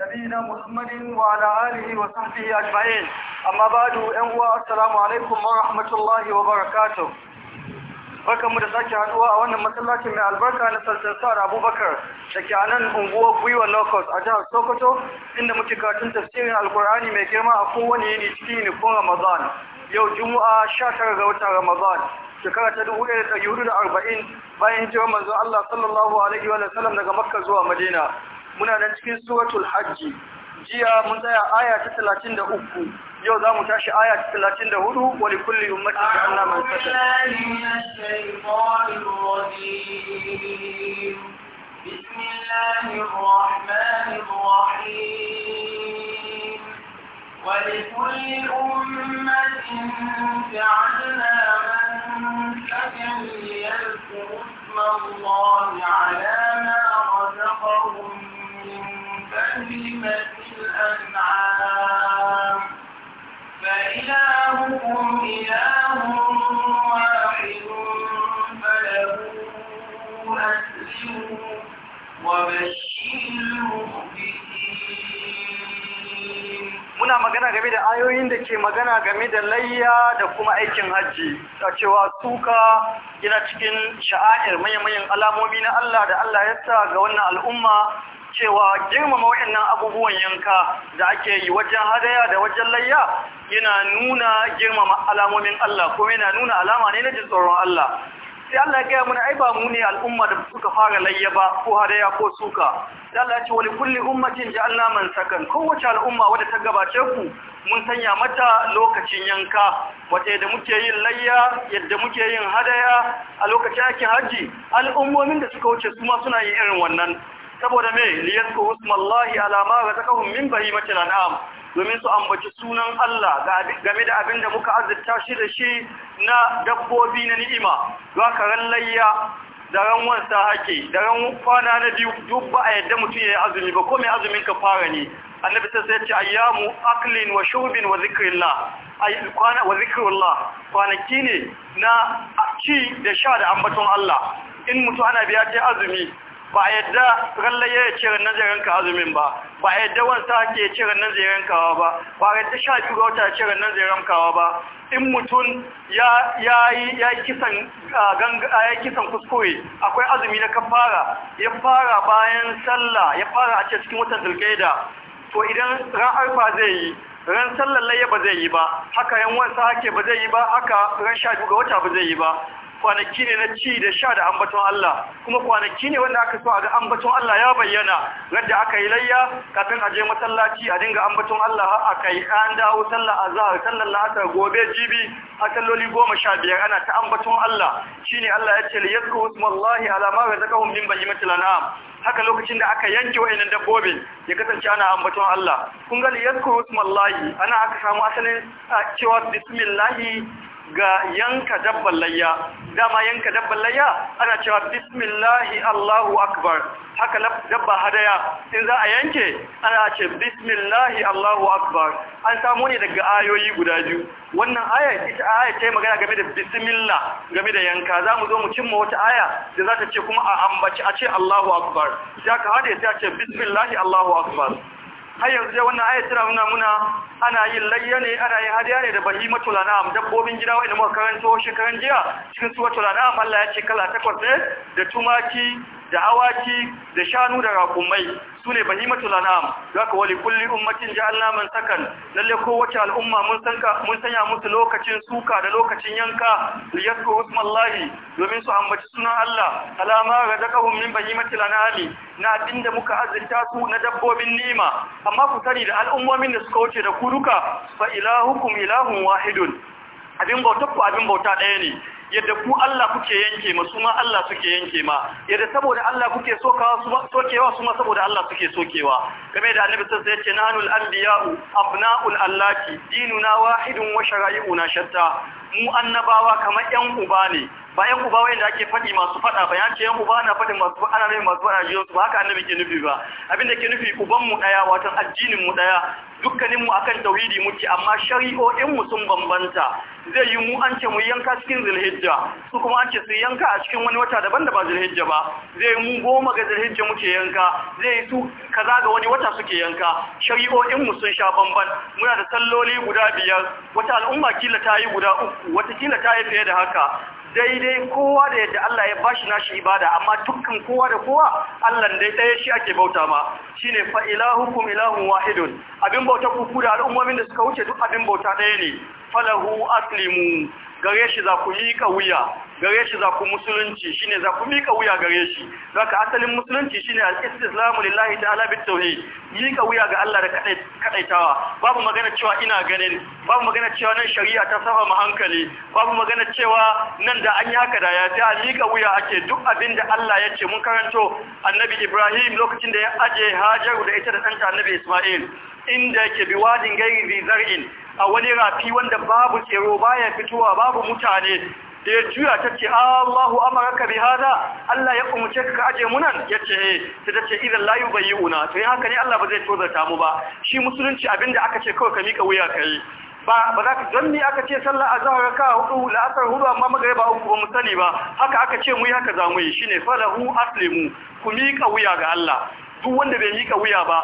نبينا محمد وعلى آله وصحبه أجمعين أما بعد أنواع السلام عليكم ورحمة الله وبركاته barkan mu da sake haduwa a wannan masallacin mai albarka na Sultan Sa'ad Abubakar da ke a nan unguwar Gwiwa Locust a jihar Sokoto inda muke karatun tafsirin Alkur'ani mai girma a kowane yini cikin nufin Ramadan yau Juma'a tara ga watan Ramadan shekara ta arba'in, bayan hijirar manzon Allah sallallahu alaihi wa sallam daga Makka zuwa Madina muna nan cikin suratul hajji jiya mun tsaya aya ta 33 yau zamu tashi aya ta 34 wa li kulli ummati ja'alna man sata ولكل أمة جعلنا منسكا ليذكروا اسم الله على ما رزقهم muna magana game da ayoyin da ke magana game da layya da kuma aikin hajji a cewa suka yana cikin sha'air manyan alamomi na Allah da Allah ya sa ga wannan al'umma cewa girmama waɗannan abubuwan yanka da ake yi wajen hadaya da wajen layya yana nuna girmama alamomin Allah kuma yana nuna alama ne na jin tsoron Allah sai Allah ya gaya mana ai ba mu ne al'umma da suka fara layya ba ko hadaya ko suka sai Allah ya ce wali kulli ummatin ja'alna man sakan kowace al'umma wadda ta gabace ku mun sanya mata lokacin yanka Wata da muke yin layya yadda muke yin hadaya a lokacin aikin haji al'ummomin da suka wuce su ma suna yin irin wannan saboda me liyasku usmallahi ala ma razaqahum min bahimatil an'am domin su ambaci sunan Allah game da abin da muka azurta shi da shi na dabbobi na ni'ima za ka ran layya da ran wansa hake da ran kwana na biyu duk ba a yadda mutum ya yi azumi ba ko azumin ka fara ne annabi sai ya ce ayyamu aklin wa Shubin wa zikrillah ay kwana wa zikrullah kwanaki ne na ci da sha da ambaton Allah in mutum ana biya ta azumi ba a yadda rallaye ya cire nazarin ka azumin ba ba a yadda wansa ke cire nazarin kawa ba ba a yadda sha gauta wata cire nazarin kawa ba in mutum ya yi kisan kuskure akwai azumi na kafara ya fara bayan sallah ya fara a cikin watan zulkaida to idan ran arfa zai yi ran sallar layya ba zai yi ba haka yan wansa hake ba zai yi ba haka ran sha biyu ga wata ba zai yi ba kwanaki ne na ci da sha da ambaton Allah kuma kwanaki ne wanda aka so a ga ambaton Allah ya bayyana yadda aka yi layya kafin a je masallaci a dinga ambaton Allah har aka yi an dawo sallar azhar sallar la'asar gobe jibi a salloli goma sha biyar ana ta ambaton Allah shine Allah ya ce li yadhkuru ismallahi ala ma razaqahum min bayyinatil an'am haka lokacin da aka yanke wa'annan dabbobin ya kasance ana ambaton Allah kun ga liyadkuru ana aka samu asalin cewa bismillahi ga yanka dabban layya dama yanka dabban layya ana cewa bismillahi Allahu akbar haka dabba hadaya in za a yanke ana ce bismillahi allahu akbar an samu ne daga ayoyi guda biyu wannan aya ita aya ta magana game da bismillah game da yanka za mu zo mu cimma wata aya da za ta ce kuma a ambaci a ce allahu akbar Ya ka hada ya ce bismillahi allahu akbar har yanzu dai wannan ayat tana nuna muna ana yin layya ne ana yin hadiya ne da matulana am dabbobin gida wanda muka karanto shekaran jiya cikin matulana am Allah ya ce kala takwas ne da tumaki da awaki da shanu da rakumai sune bahimatul Za zaka wali kulli ummatin ja'alna man sakan lalle kowace al'umma mun sanka mun sanya musu lokacin suka da lokacin yanka liyadku usmallahi domin su ambaci sunan Allah alama razaqahum min bahimatil an'ami na da muka azurta su na dabbobin nima amma ku sani da al'ummomin da suka wuce da ku duka fa ilahukum ilahun wahidun abin bautar ku abin bauta ɗaya ne yadda ku Allah kuke yanke ma su ma Allah suke yanke ma yadda saboda Allah kuke sokawa su sokewa su ma saboda Allah suke sokewa game da annabi sai yace nanul anbiya'u abna'ul allati dinuna wahidun wa shara'i'una shatta mu annabawa kamar yan uba ne ba yan uba wanda ake faɗi masu faɗa ba yace yan uba na fadin masu faɗa ana mai masu fada jiyo ba haka annabi ke nufi ba abinda ke nufi uban mu daya wato addinin mu daya dukkanin mu akan tauhidi muke amma shari'o'in mu sun bambanta zai yi mu an ce mu yanka cikin zulhijja su kuma an ce su yanka a cikin wani wata daban da ba zulhijja ba zai yi mu goma ga zulhijja muke yanka zai yi su kaza ga wani wata suke yanka shari'o'in mu sun sha bamban muna da salloli guda biyar wata al'umma kila ta yi guda uku watakila ta yi fiye da haka daidai kowa da yadda Allah ya bashi nashi ibada amma dukkan kowa da kowa Allah dai ɗaya shi ake bauta ma shine fa ilahukum ilahun wahidun abin bauta kuku da al'ummomin da suka wuce duk abin bauta ɗaya ne falahu aslimu gare shi za ku ka wuya gare shi za ku musulunci shi ne za ku mika wuya gare shi za ka asalin musulunci shine ne istislamu lillahi ta bit tauhid mika wuya ga Allah da kadaitawa babu magana cewa ina ganin babu magana cewa nan shari'a ta saba ma hankali babu magana cewa nan da an yi haka da ya ta mika wuya ake duk abin da Allah ya ce mun karanto annabi Ibrahim lokacin da ya aje Hajaru da ita da ɗanta annabi Isma'il inda yake bi wadin gairi zar'in a wani rafi wanda babu tsero baya fitowa babu mutane da ya juya ta ce Allahu amaraka bi hada Allah ya umurce ka aje mu nan yace ce, eh. sai ta ce idan la yubayyuna to yi haka ne Allah ba zai tozarta mu ba shi musulunci abinda aka ce kawai ka mika wuya kai ba ba za ka don ni aka ce sallah a ka hudu la'asar hudu amma magariba uku ba mu sani ba haka aka ce mu yi haka za mu yi shine falahu aslimu ku miƙa wuya ga Allah duk wanda bai mika wuya ba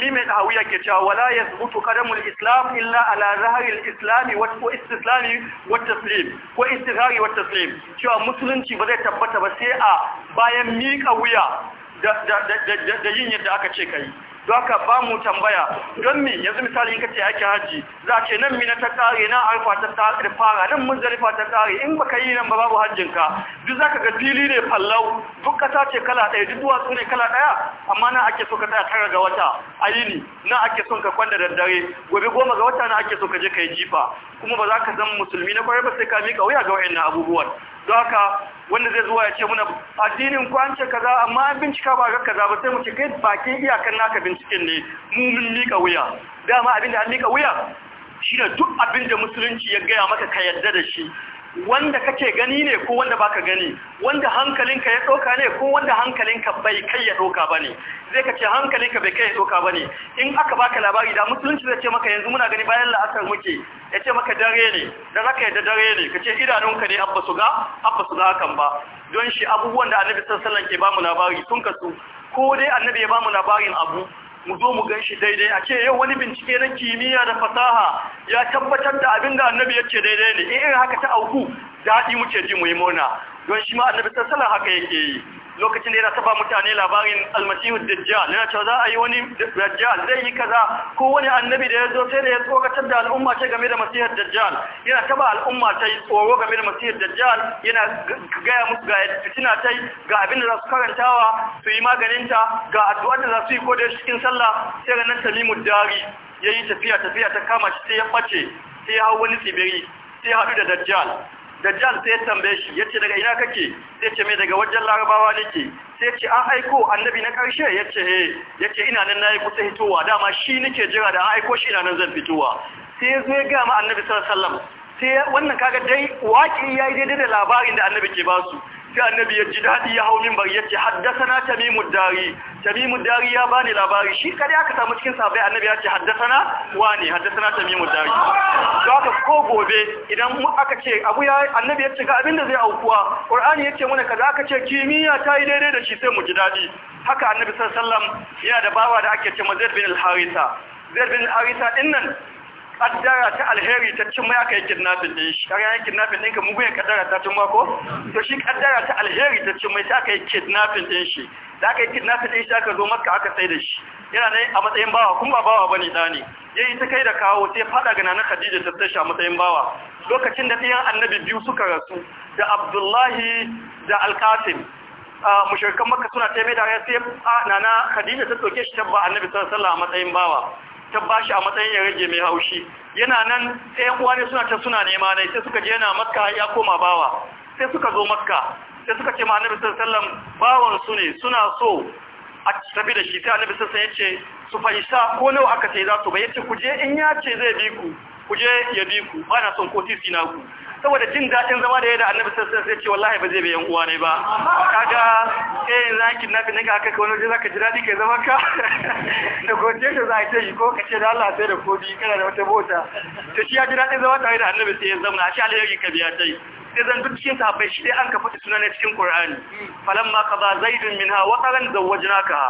mi mai tahawiya ke cewa wala yasbutu qadamul islam illa ala zahril islam wa istislami wa taslim ko istihari wa taslim cewa musulunci ba zai tabbata ba sai a bayan mika wuya da yin yadda aka ce ka yi don ka ba mu tambaya don mi yanzu misali in ka ce ake hajji za ke nan mina ta kare na alfa ta kare fara nan mun zarifa ta kare in ba ka yi nan ba babu hajjinka duk za ka ga fili ne fallau duk kasa ce kala ɗaya duk duwatsu ne kala ɗaya amma na ake so ka tsaya tara ga wata a yini ake son ka kwanda da gobe goma ga wata na ake so ka je ka yi jifa kuma ba za ka zama musulmi na kwarai ba sai ka miƙa wuya ga wa'annan abubuwan Zaka, wanda zai zuwa ya ce muna addinin kwance kaza amma an bincika ba ga kaza ba sai mu ce bakin iyakan naka binciken ne mu mun mika wuya dama abin da an mika wuya shi da duk abinda musulunci ya gaya maka ka yadda da shi wanda kake gani ne ko wanda baka gani wanda hankalinka ya doka ne ko wanda hankalinka bai kai ya doka bane zai kace hankalinka bai kai ya doka bane in aka baka labari da musulunci zai ce maka yanzu muna gani bayan la'asar muke ya ce maka dare ne da zaka da dare ne kace idanunka ne abba su ga abba su ga hakan ba don shi abubuwan da annabi sallallahu alaihi wasallam ke bamu labari sun kasu ko dai annabi ya bamu labarin abu mu zo mu gan shi daidai a ce yau wani bincike na kimiyya da fasaha ya tabbatar da abin da annabi ya ce daidai ne in irin haka ta auku daɗi muke ji mu yi murna don shi ma annabi sallallahu haka yake yi lokacin da yana taba mutane labarin almasihu dajjal yana cewa za a yi wani dajjal zai yi kaza ko wani annabi da ya zo sai da ya tsoratar da al'umma ce game da masihar dajjal yana taba al'umma ta yi tsoro game da masihar dajjal yana gaya musu ga fitina ta yi ga abin da za su karantawa su yi maganinta ga addu'ar da za su yi ko da cikin sallah sai ranar talimu dari ya yi tafiya tafiya ta kama shi sai ya ɓace sai ya hau wani tsibiri sai ya haɗu da dajjal dajjal sai ya tambaye shi yace daga ina kake sai ce mai daga wajen larabawa nake sai ce an aiko annabi na karshe yace he eh. yace ina nan nayi kusa hitowa dama shi nake jira da an aiko shi ina nan zan fitowa sai ya zo ya annabi sallallahu sai wannan kaga dai waki yayi daidai da labarin da annabi ke basu sai annabi ya ji daɗi ya hau mimbar ya ce haddasana tamimu dari tamimu dari ya bani labari shi kare aka samu cikin sabai annabi ya ce haddasana wani haddasana tamimu dari to aka ko gobe idan aka ce abu ya annabi ya ce ga abinda zai aukuwa qur'ani ya ce mana kaza aka ce kimiyya ta yi daidai da shi sai mu ji daɗi haka annabi sallallahu alaihi wasallam yana da bawa da ake ce mazid bin al Zai zaid bin al dinnan kaddara ta alheri ta cin maya aka yi kidnapping din shi kaga yayin kidnapping din ka mugu ya kaddara ta cin mako to shi kaddara ta alheri ta cin mai ta aka yi kidnapping din shi da aka yi kidnapping din shi aka zo maka aka sai da shi yana ne a matsayin bawa kun ba bawa bane dani yayi ta kai da kawo sai fada ga nana Khadija ta tsaya a matsayin bawa lokacin da tayan annabi biyu suka rasu da Abdullahi da Al-Qasim mushrikan makka suna taimai da ya sai nana Khadija ta doke shi tabba annabi sallallahu alaihi wasallam a matsayin bawa ta bashi a matsayin ya rage mai haushi yana nan sai yan uwane ne suna ta suna nema ne sai suka je yana maska ya koma bawa sai suka zo maska. sai suka ce ma annabi sallallahu bawan su ne suna so a tafi da shi sai annabi sallallahu ya ce su fahimta ko nawa aka sai za su ba yace ku je in ya ce zai bi ku ku ya bi ku ba na son ko titi na ku saboda jin daɗin zama da ya da annabi sassan sai ce wallahi ba zai bi yan uwa ne ba kaga eh za ki nafi nika aka kawo wajen za ka ji daɗi kai zama ka da godiya da za a ce ko ka ce da Allah sai da kobi kana da wata bota to shi ya ji daɗin zama tare da annabi sai ya zama a shi yi ka biya tai sai zan duk cikin sahabbai shi dai an ka fata sunan cikin Qur'ani falamma qada zaidun minha wa qalan zawajnaka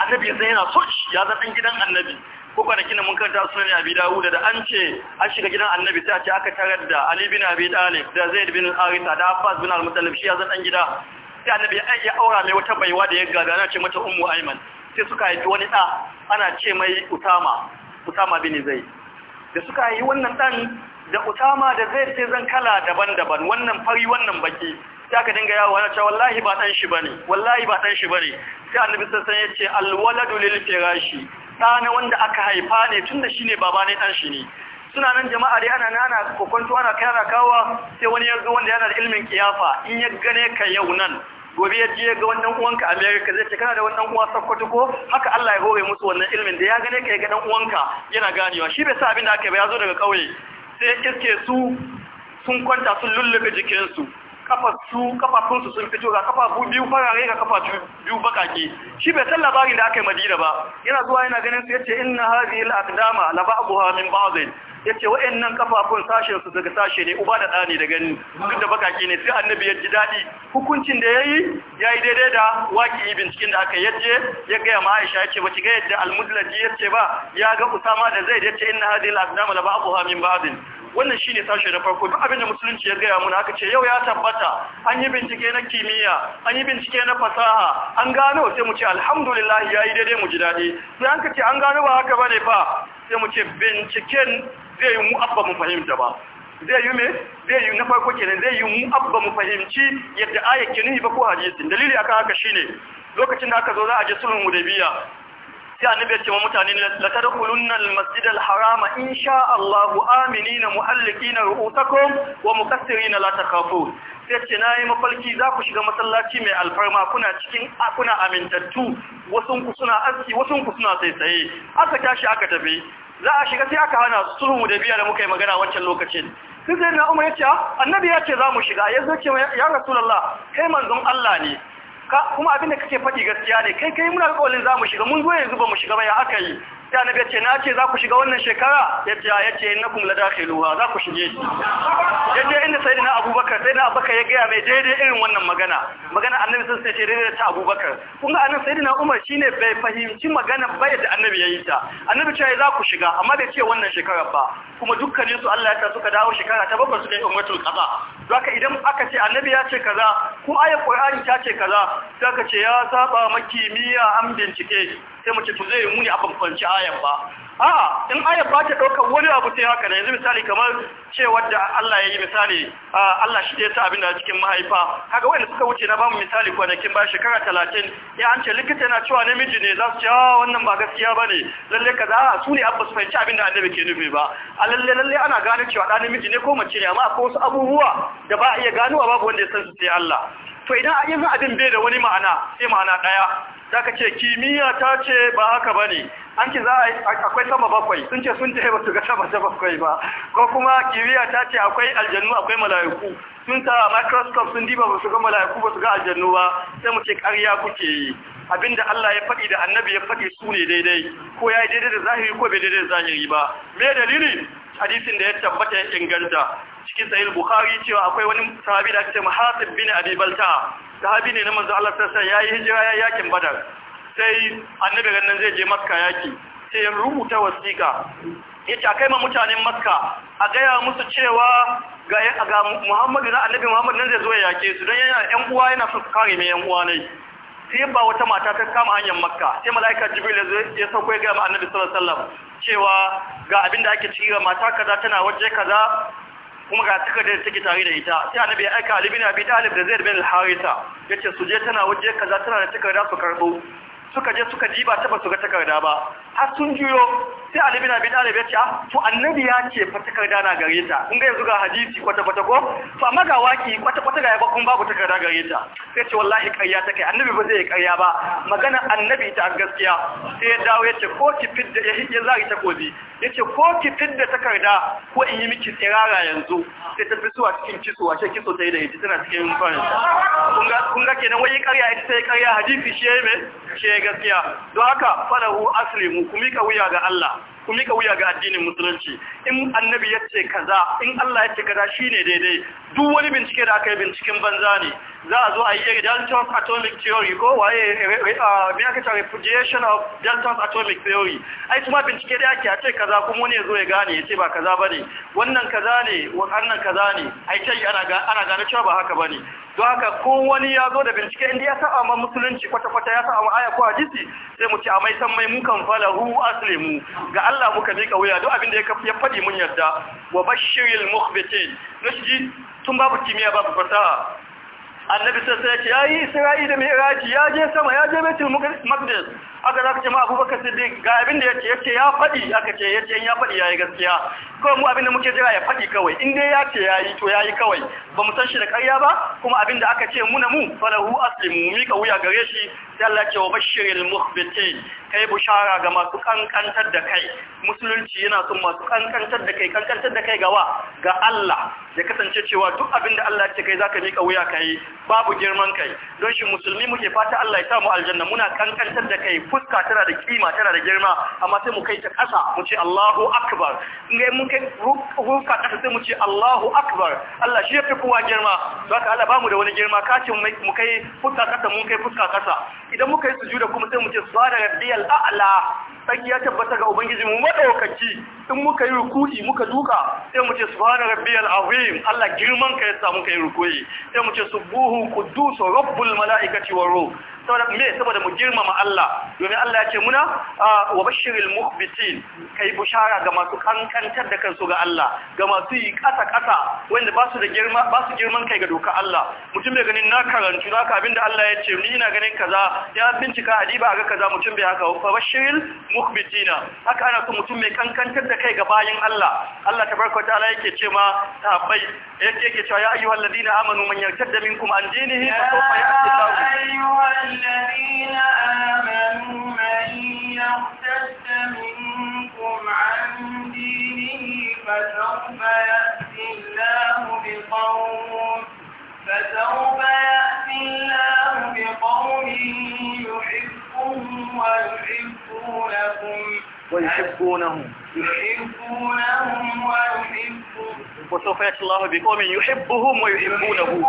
annabi sai yana so ya zan gidan annabi ko kwanakin da mun kanta sunan abi dawud da an ce an shiga gidan annabi sai a ce aka tarar da ali bin abi talib da zaid bin harisa da abbas bin al-muttalib shi ya zan dan gida sai annabi ya aura mai wata baiwa da ya gada ana ce mata ummu ayman sai suka haifi wani da ana ce mai utama utama bin zaid da suka haifi wannan dan da utama da zaid sai zan kala daban-daban wannan fari wannan baki sai aka dinga yawo ana ce wallahi ba dan shi bane wallahi ba dan shi bane sai annabi sai ya ce al-waladu lil firashi ɗane wanda aka haifa ne tun da shi ne baba ne ɗan shi ne suna nan jama'a dai ana nana kokonto ana kai ana kawa sai wani ya zo wanda yana da ilimin kiyafa in ya gane ka yau nan gobe ya je ga wannan uwanka America zai ce kana da wannan uwa Sokoto ko haka Allah ya hore musu wannan ilimin da ya gane ka ya ga dan uwanka yana ganewa shi bai sa abin da aka yi ba ya zo daga kauye sai iske su sun kwanta sun lullube jikinsu kafafu kafafunsu sun fito ga kafafu biyu farare ga kafafu biyu bakake shi bai san labarin da aka yi madina ba yana zuwa yana ganin su yace inna hadhihi al-aqdama la ba'daha min ba'd yace wa'annan kafafun sashen su daga sashe ne uba da dani da gani duk da bakake ne sai annabi ya ji dadi hukuncin da yayi yayi daidai da waki binciken da aka yaje ya ga ma Aisha yace bace ga yadda al-mudlaji yace ba ya ga Usama da Zaid yace inna hadhihi al-aqdama la ba'daha min ba'd wannan shine sashe na farko duk abin da musulunci ya gaya muna aka ce yau ya tabbata an yi bincike na kimiyya an yi bincike na fasaha an gano sai mu ce alhamdulillah yayi daidai mu ji dadi sai an kace an gano ba haka bane fa sai mu ce binciken zai yi mu abba mu fahimta ba zai yi me zai yi na farko kenan zai yi mu abba mu fahimci yadda ayat ke ba ko hadisi. dalili aka haka shine lokacin da aka zo za a je sulhun hudaybiya sai annabi ya ce wa mutane la tadkhulunna al-masjid al-haram insha Allah aminina muhallikina ru'usakum wa mukassirina la takhafun sai ce nayi mafalki za ku shiga masallaci mai alfarma kuna cikin kuna amintattu wasun ku suna aski wasun ku suna tsaitsaye aka tashi aka tafi za a shiga sai aka hana sulhu da biya da muka yi magana wancan lokacin sai sai na umar ya ce ah, annabi ya ce za mu shiga yanzu ce ya rasulullah kai manzon Allah ne kuma abinda kake faɗi gaskiya ne kai kai muna alƙawarin za shiga mun zo yanzu ba mu shiga ba ya aka yi sai annabi ya ce na ce za ku shiga wannan shekara ya ce ya ce innakum ladakhiluha za ku shige ya je inda sayyidina abubakar sayyidina abubakar ya gaya mai daidai irin wannan magana magana annabi sun sai ce daidai ta abubakar kun ga annabi sayyidina umar shine bai fahimci magana ba da annabi ya yi ta annabi ce za ku shiga amma bai ce wannan shekara ba kuma dukkanin su Allah ya ta suka dawo shekara ta bakwai su yi ummatul qada zaka idan aka ce annabi ya ce kaza ko ayat qur'ani ta ce kaza zaka ce ya saba miya an bincike sai mace ce to zai muni a bambanci ayan ba a'a in ayan ba ta ɗaukar wani abu sai haka ne yanzu misali kamar cewa da Allah ya yi misali Allah shi ya sa abin da cikin mahaifa kaga wanda suka wuce na bamu misali ko kwanakin ba shekara talatin ya an ce likita yana cewa namiji ne za su ce ah wannan ba gaskiya ba ne lalle kaza su ne abba su fahimci abin da annabi ke nufi ba a lalle lalle ana gane cewa 'da namiji ne ko mace ne amma akwai wasu abubuwa da ba a iya ganowa babu wanda ya san su sai Allah to idan a yin abin bai da wani ma'ana sai ma'ana daya da aka ce kimiyya ta ce ba haka ba ne an ki za akwai sama bakwai sun ce sun ce ba su ga sama ta bakwai ba ko kuma kimiyya ta ce akwai aljannu akwai mala'iku sun ta microscope sun diba ba su ga mala'iku ba su ga aljannu ba sai mu ce ƙarya kuke yi abinda Allah ya faɗi da annabi ya faɗi su ne daidai ko ya yi daidai da zahiri ko bai daidai da zahiri ba me dalili hadisin da ya tabbata ya inganta cikin sahih bukhari cewa akwai wani sahabi da ake ce muhasib bin abi balta sahabi ne na manzo Allah sallallahu Ya yi yayi hijira ya yakin badar sai annabi nan zai je makka yaki sai ya rubuta wasiƙa yace akai ma mutanen makka a gaya musu cewa ga ga Muhammadu na annabi Muhammad nan zai zo ya yake su dan yana ɗan uwa yana so kare mai ɗan uwa ne sai ba wata mata ta kama hanyar makka sai mala'ika jibril ya sauko ya gama annabi sallallahu alaihi wasallam cewa ga abinda ake cira mata kaza tana waje kaza kuma ga takardar take tare da ita sai annabi ya aika Ali bin Abi Talib da Zaid bin Al-Haritha yace su je tana waje kaza tana da takarda su karbo suka je suka jiba ta ba su ga takarda ba har sun juyo sai Ali bin Abi Talib ya ce ah to annabi ya ce fa takarda na gare ta in ga yanzu ga hadisi kwata kwata ko to amma ga waki kwata kwata ga ba kun babu takarda gare ta sai ce wallahi ƙarya kai, annabi ba zai ƙarya ba magana annabi ta gaskiya sai ya dawo ya ce ko ki fidda ya hije zari takobi ya ce ko ki fidda takarda ko in yi miki tsirara yanzu sai ta fi zuwa cikin kiso ashe kiso ta yi da yaji tana cikin farinta kun ga kenan wai ƙarya ita ta yi ƙarya hadisi shi ya yi mai shi ya gaskiya don haka falahu aslimu ku mika wuya ga Allah ku mika wuya ga addinin musulunci in annabi ya ce kaza in Allah ya ce kaza shine daidai duk wani bincike da aka yi binciken banza ne za a zo a yi Dalton's atomic theory ko waye a aka of Dalton's atomic theory ai kuma bincike da ake a ce kaza kuma wani ya zo ya gane ya ce ba kaza ba ne. wannan kaza ne wannan kaza ne ai ce ana gane cewa ba haka ba ne. don haka ko wani ya zo da bincike inda ya saba ma musulunci kwata kwata ya saba aya ko hadisi sai mu ce a mai san mai mun kan hu aslimu ga Allah muka je ka wuya duk abin da ya faɗi mun yarda wa bashiril mukhbitin Nashi tun babu kimiyya babu fasaha annabi sai ya ce yayi isra'i da mi'raji ya je sama ya je baitul maqdis aka zaka ce ma abubakar siddiq ga abin da ya ce ya fadi aka ce yace in ya fadi yayi gaskiya kawai mu abin da muke jira ya faɗi kawai in dai ya ce yayi to yayi kawai ba mu san shi da ƙarya ba kuma abin da aka ce muna mu falahu aslimu mika wuya gare shi sai Allah ce wa bashiril mukhbitin kai bushara ga masu kankantar da kai musulunci yana son masu kankantar da kai kankantar da kai gawa ga Allah ya kasance cewa duk abin da Allah ya ce kai zaka mika wuya kai babu girman kai don shi musulmi muke fata Allah ya sa mu aljanna muna kankantar da kai fuska tana da kima tana da girma amma sai mu kai ta kasa mu ce Allahu akbar in ga mun kai fuska kasa sai mu ce Allahu akbar Allah shi ya fi kowa girma don haka Allah bamu da wani girma kacin mu kai fuska kasa mun kai fuska kasa idan muka yi sujuda kuma sai mu ce subhana rabbiyal a'la sai ya tabbata ga ubangiji mu madaukaki in muka yi ruku'i muka duka sai mu ce subhana rabbiyal azim Allah girman ka ya muka yi ruku'i sai mu ce subuhu quddus rabbul malaikati war ruh saboda me saboda mu girmama Allah domin Allah ya ce muna ah, wa bashiril mukhbitin kai bushara ga masu kankantar da kansu ga Allah ga masu yi kasa kasa wanda ba su da girma ba su girman kai ga doka Allah mutum bai ganin na karantu na ka abinda Allah ya ce ni ina ganin kaza ya bincika adiba ga kaza mutum bai haka wa bashiril mukhbitina haka ana so mutum mai kankantar da kai ga bayin Allah Allah tabaraka ta'ala yake ce ma sahabbai yake yake cewa ya ayyuhal ladina amanu man yartadda minkum an dinihi fa sawfa ya'ti الذين آمنوا من يرتد منكم عن دينه فسوف يأتي الله بقوم يحبهم ويحبونكم ويحبونه يحبونهم ويحبون وسوف يأتي الله بقوم يحبهم ويحبونه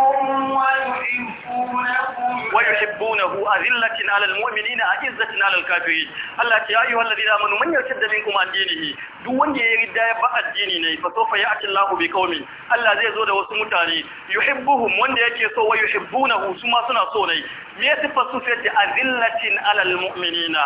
ويحبونه أذلة على المؤمنين أعزة على الكافرين الله يا أيها الذين آمنوا من يرتد منكم عن دينه دون يرد يبقى الدين فسوف يأتي الله بقوم الله زي زود وسمتاني يحبهم وان يكي سو ويحبونه سما سنا سوني me sufeti su sai azillatin alal mu'minina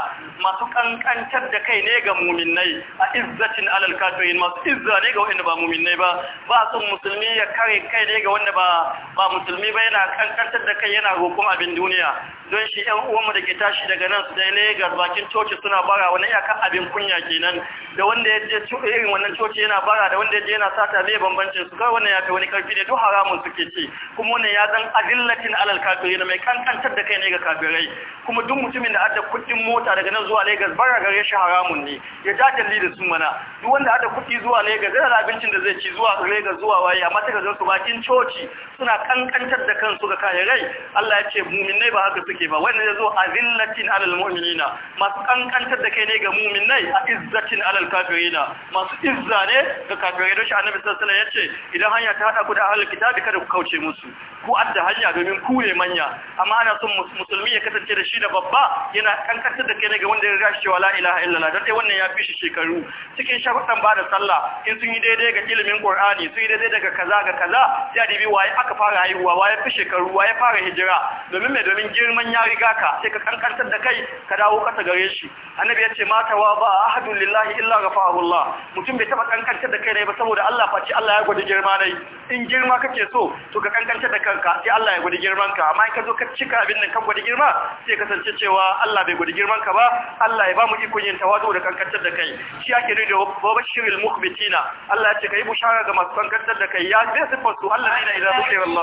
masu kankantar da kai ne ga mu'minnai a izzatin alal kafirin masu izza ne ga wanda ba mu'minnai ba ba son musulmi ya kare kai ne ga wanda ba ba musulmi ba yana kankantar da kai yana roƙon abin duniya don shi ‘yan uwanmu da ke tashi daga nan su dai Legas bakin coci suna bara wani iyakar abin kunya kenan da wanda ya je irin wannan coci yana bara da wanda ya je yana sata zai bambancin su kai wannan ya fi wani karfi ne duk haramun suke ci kuma wannan ya zan adillatin alal kafiri na mai kankantar da kai ne ga kafirai kuma duk mutumin da adda kuɗin mota daga nan zuwa Legas bara gare shi haramun ne ya ja da su mana duk wanda adda kuɗi zuwa Legas yana da abincin da zai ci zuwa Legas zuwa waye amma ta zo su bakin coci suna kankantar da kansu ga kafirai Allah ya ce muminai ba haka suke ba wannan ya zo a zillacin alal mu'minina masu kankantar da kai ne ga mu'minai a izzacin alal kafirina masu izza ne ga kafirai don shi annabi sallallahu alaihi wasallam yace idan hanya ta hada ku da ahlul kitabi kada ku kauce musu ku adda hanya domin ku ne manya amma ana son musulmi ya kasance da shi da babba yana kankantar da kai ne ga wanda ya riga cewa la ilaha illallah dan dai wannan ya fi shi shekaru cikin shafatan ba da sallah in sun yi daidai ga ilimin qur'ani sun yi daidai daga kaza ga kaza ya dibi waye aka fara haihuwa waye fi shekaru waye fara hijira domin mai domin girman idan ya riga ka sai ka kankantar da kai ka dawo kasa gare shi annabi ya ce mata wa ba ahadun lillahi illa ghafahu Allah mutum bai taba kankantar da kai ne ba saboda Allah face Allah ya gwada girma ne in girma kake so to ka kankantar da kanka sai Allah ya gwada girman ka amma in ka zo ka cika abin nan kan gwada girma sai sanci cewa Allah bai gwada girman ka ba Allah ya ba mu ikon yin tawazu da kankantar da kai shi ake nuna babashiril mukhbitina Allah ya ce kai bushara ga masu kankantar da kai ya zai sifar su Allah ne da idan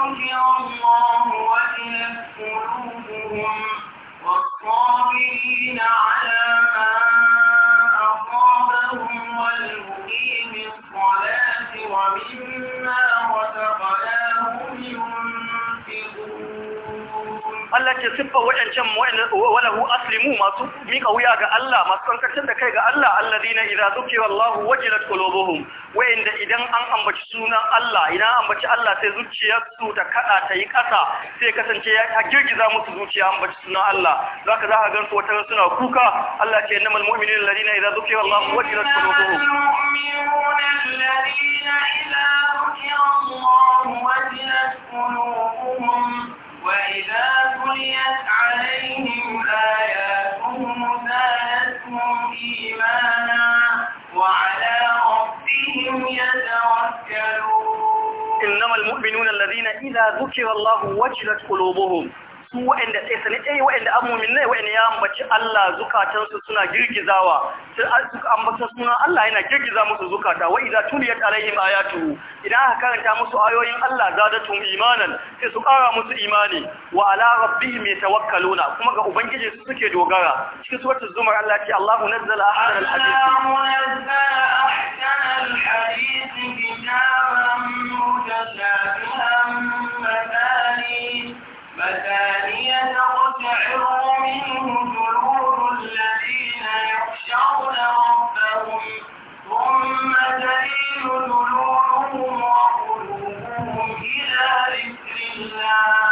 zuke قلوبهم والصابرين على ما أصابهم والمقيم الصلاة ومما رزقناهم ينفقون Allah ce siffa waɗancan walahu aslimu masu miƙa wuya ga Allah masu kankancin da kai ga Allah alladina idza zukira Allah wajilat qulubuhum wayanda idan an ambaci sunan Allah idan an ambaci Allah sai zuciyarsu ta kada ta yi kasa sai kasance ya girgiza musu zuciya ambaci sunan Allah zaka za ka gan su wata suna kuka Allah ce innamal mu'minuna alladina idza zukira Allah wajilat qulubuhum mu'minuna alladina idza zukira Allah wajilat qulubuhum إذا ذكر الله وجلت قلوبهم su waɗanda sai sani ɗaya waɗanda amumin mumin ne waɗanda ya ambaci Allah zukatansu suna girgizawa sai suka ambata suna Allah yana girgiza musu zukata wa idza tuliyat alaihim ayatuhu idan aka karanta musu ayoyin Allah zadatum imanan sai su ƙara musu imani wa ala rabbihim yatawakkaluna kuma ga ubangiji su suke dogara cikin suratul zumar Allah ce Allahu nazzala ahsanal hadith Allahu nazzala kitaban mutashabihan فثانية تقشعر منه جلود الذين يخشون ربهم ثم تلين جلودهم وقلوبهم إلى ذكر الله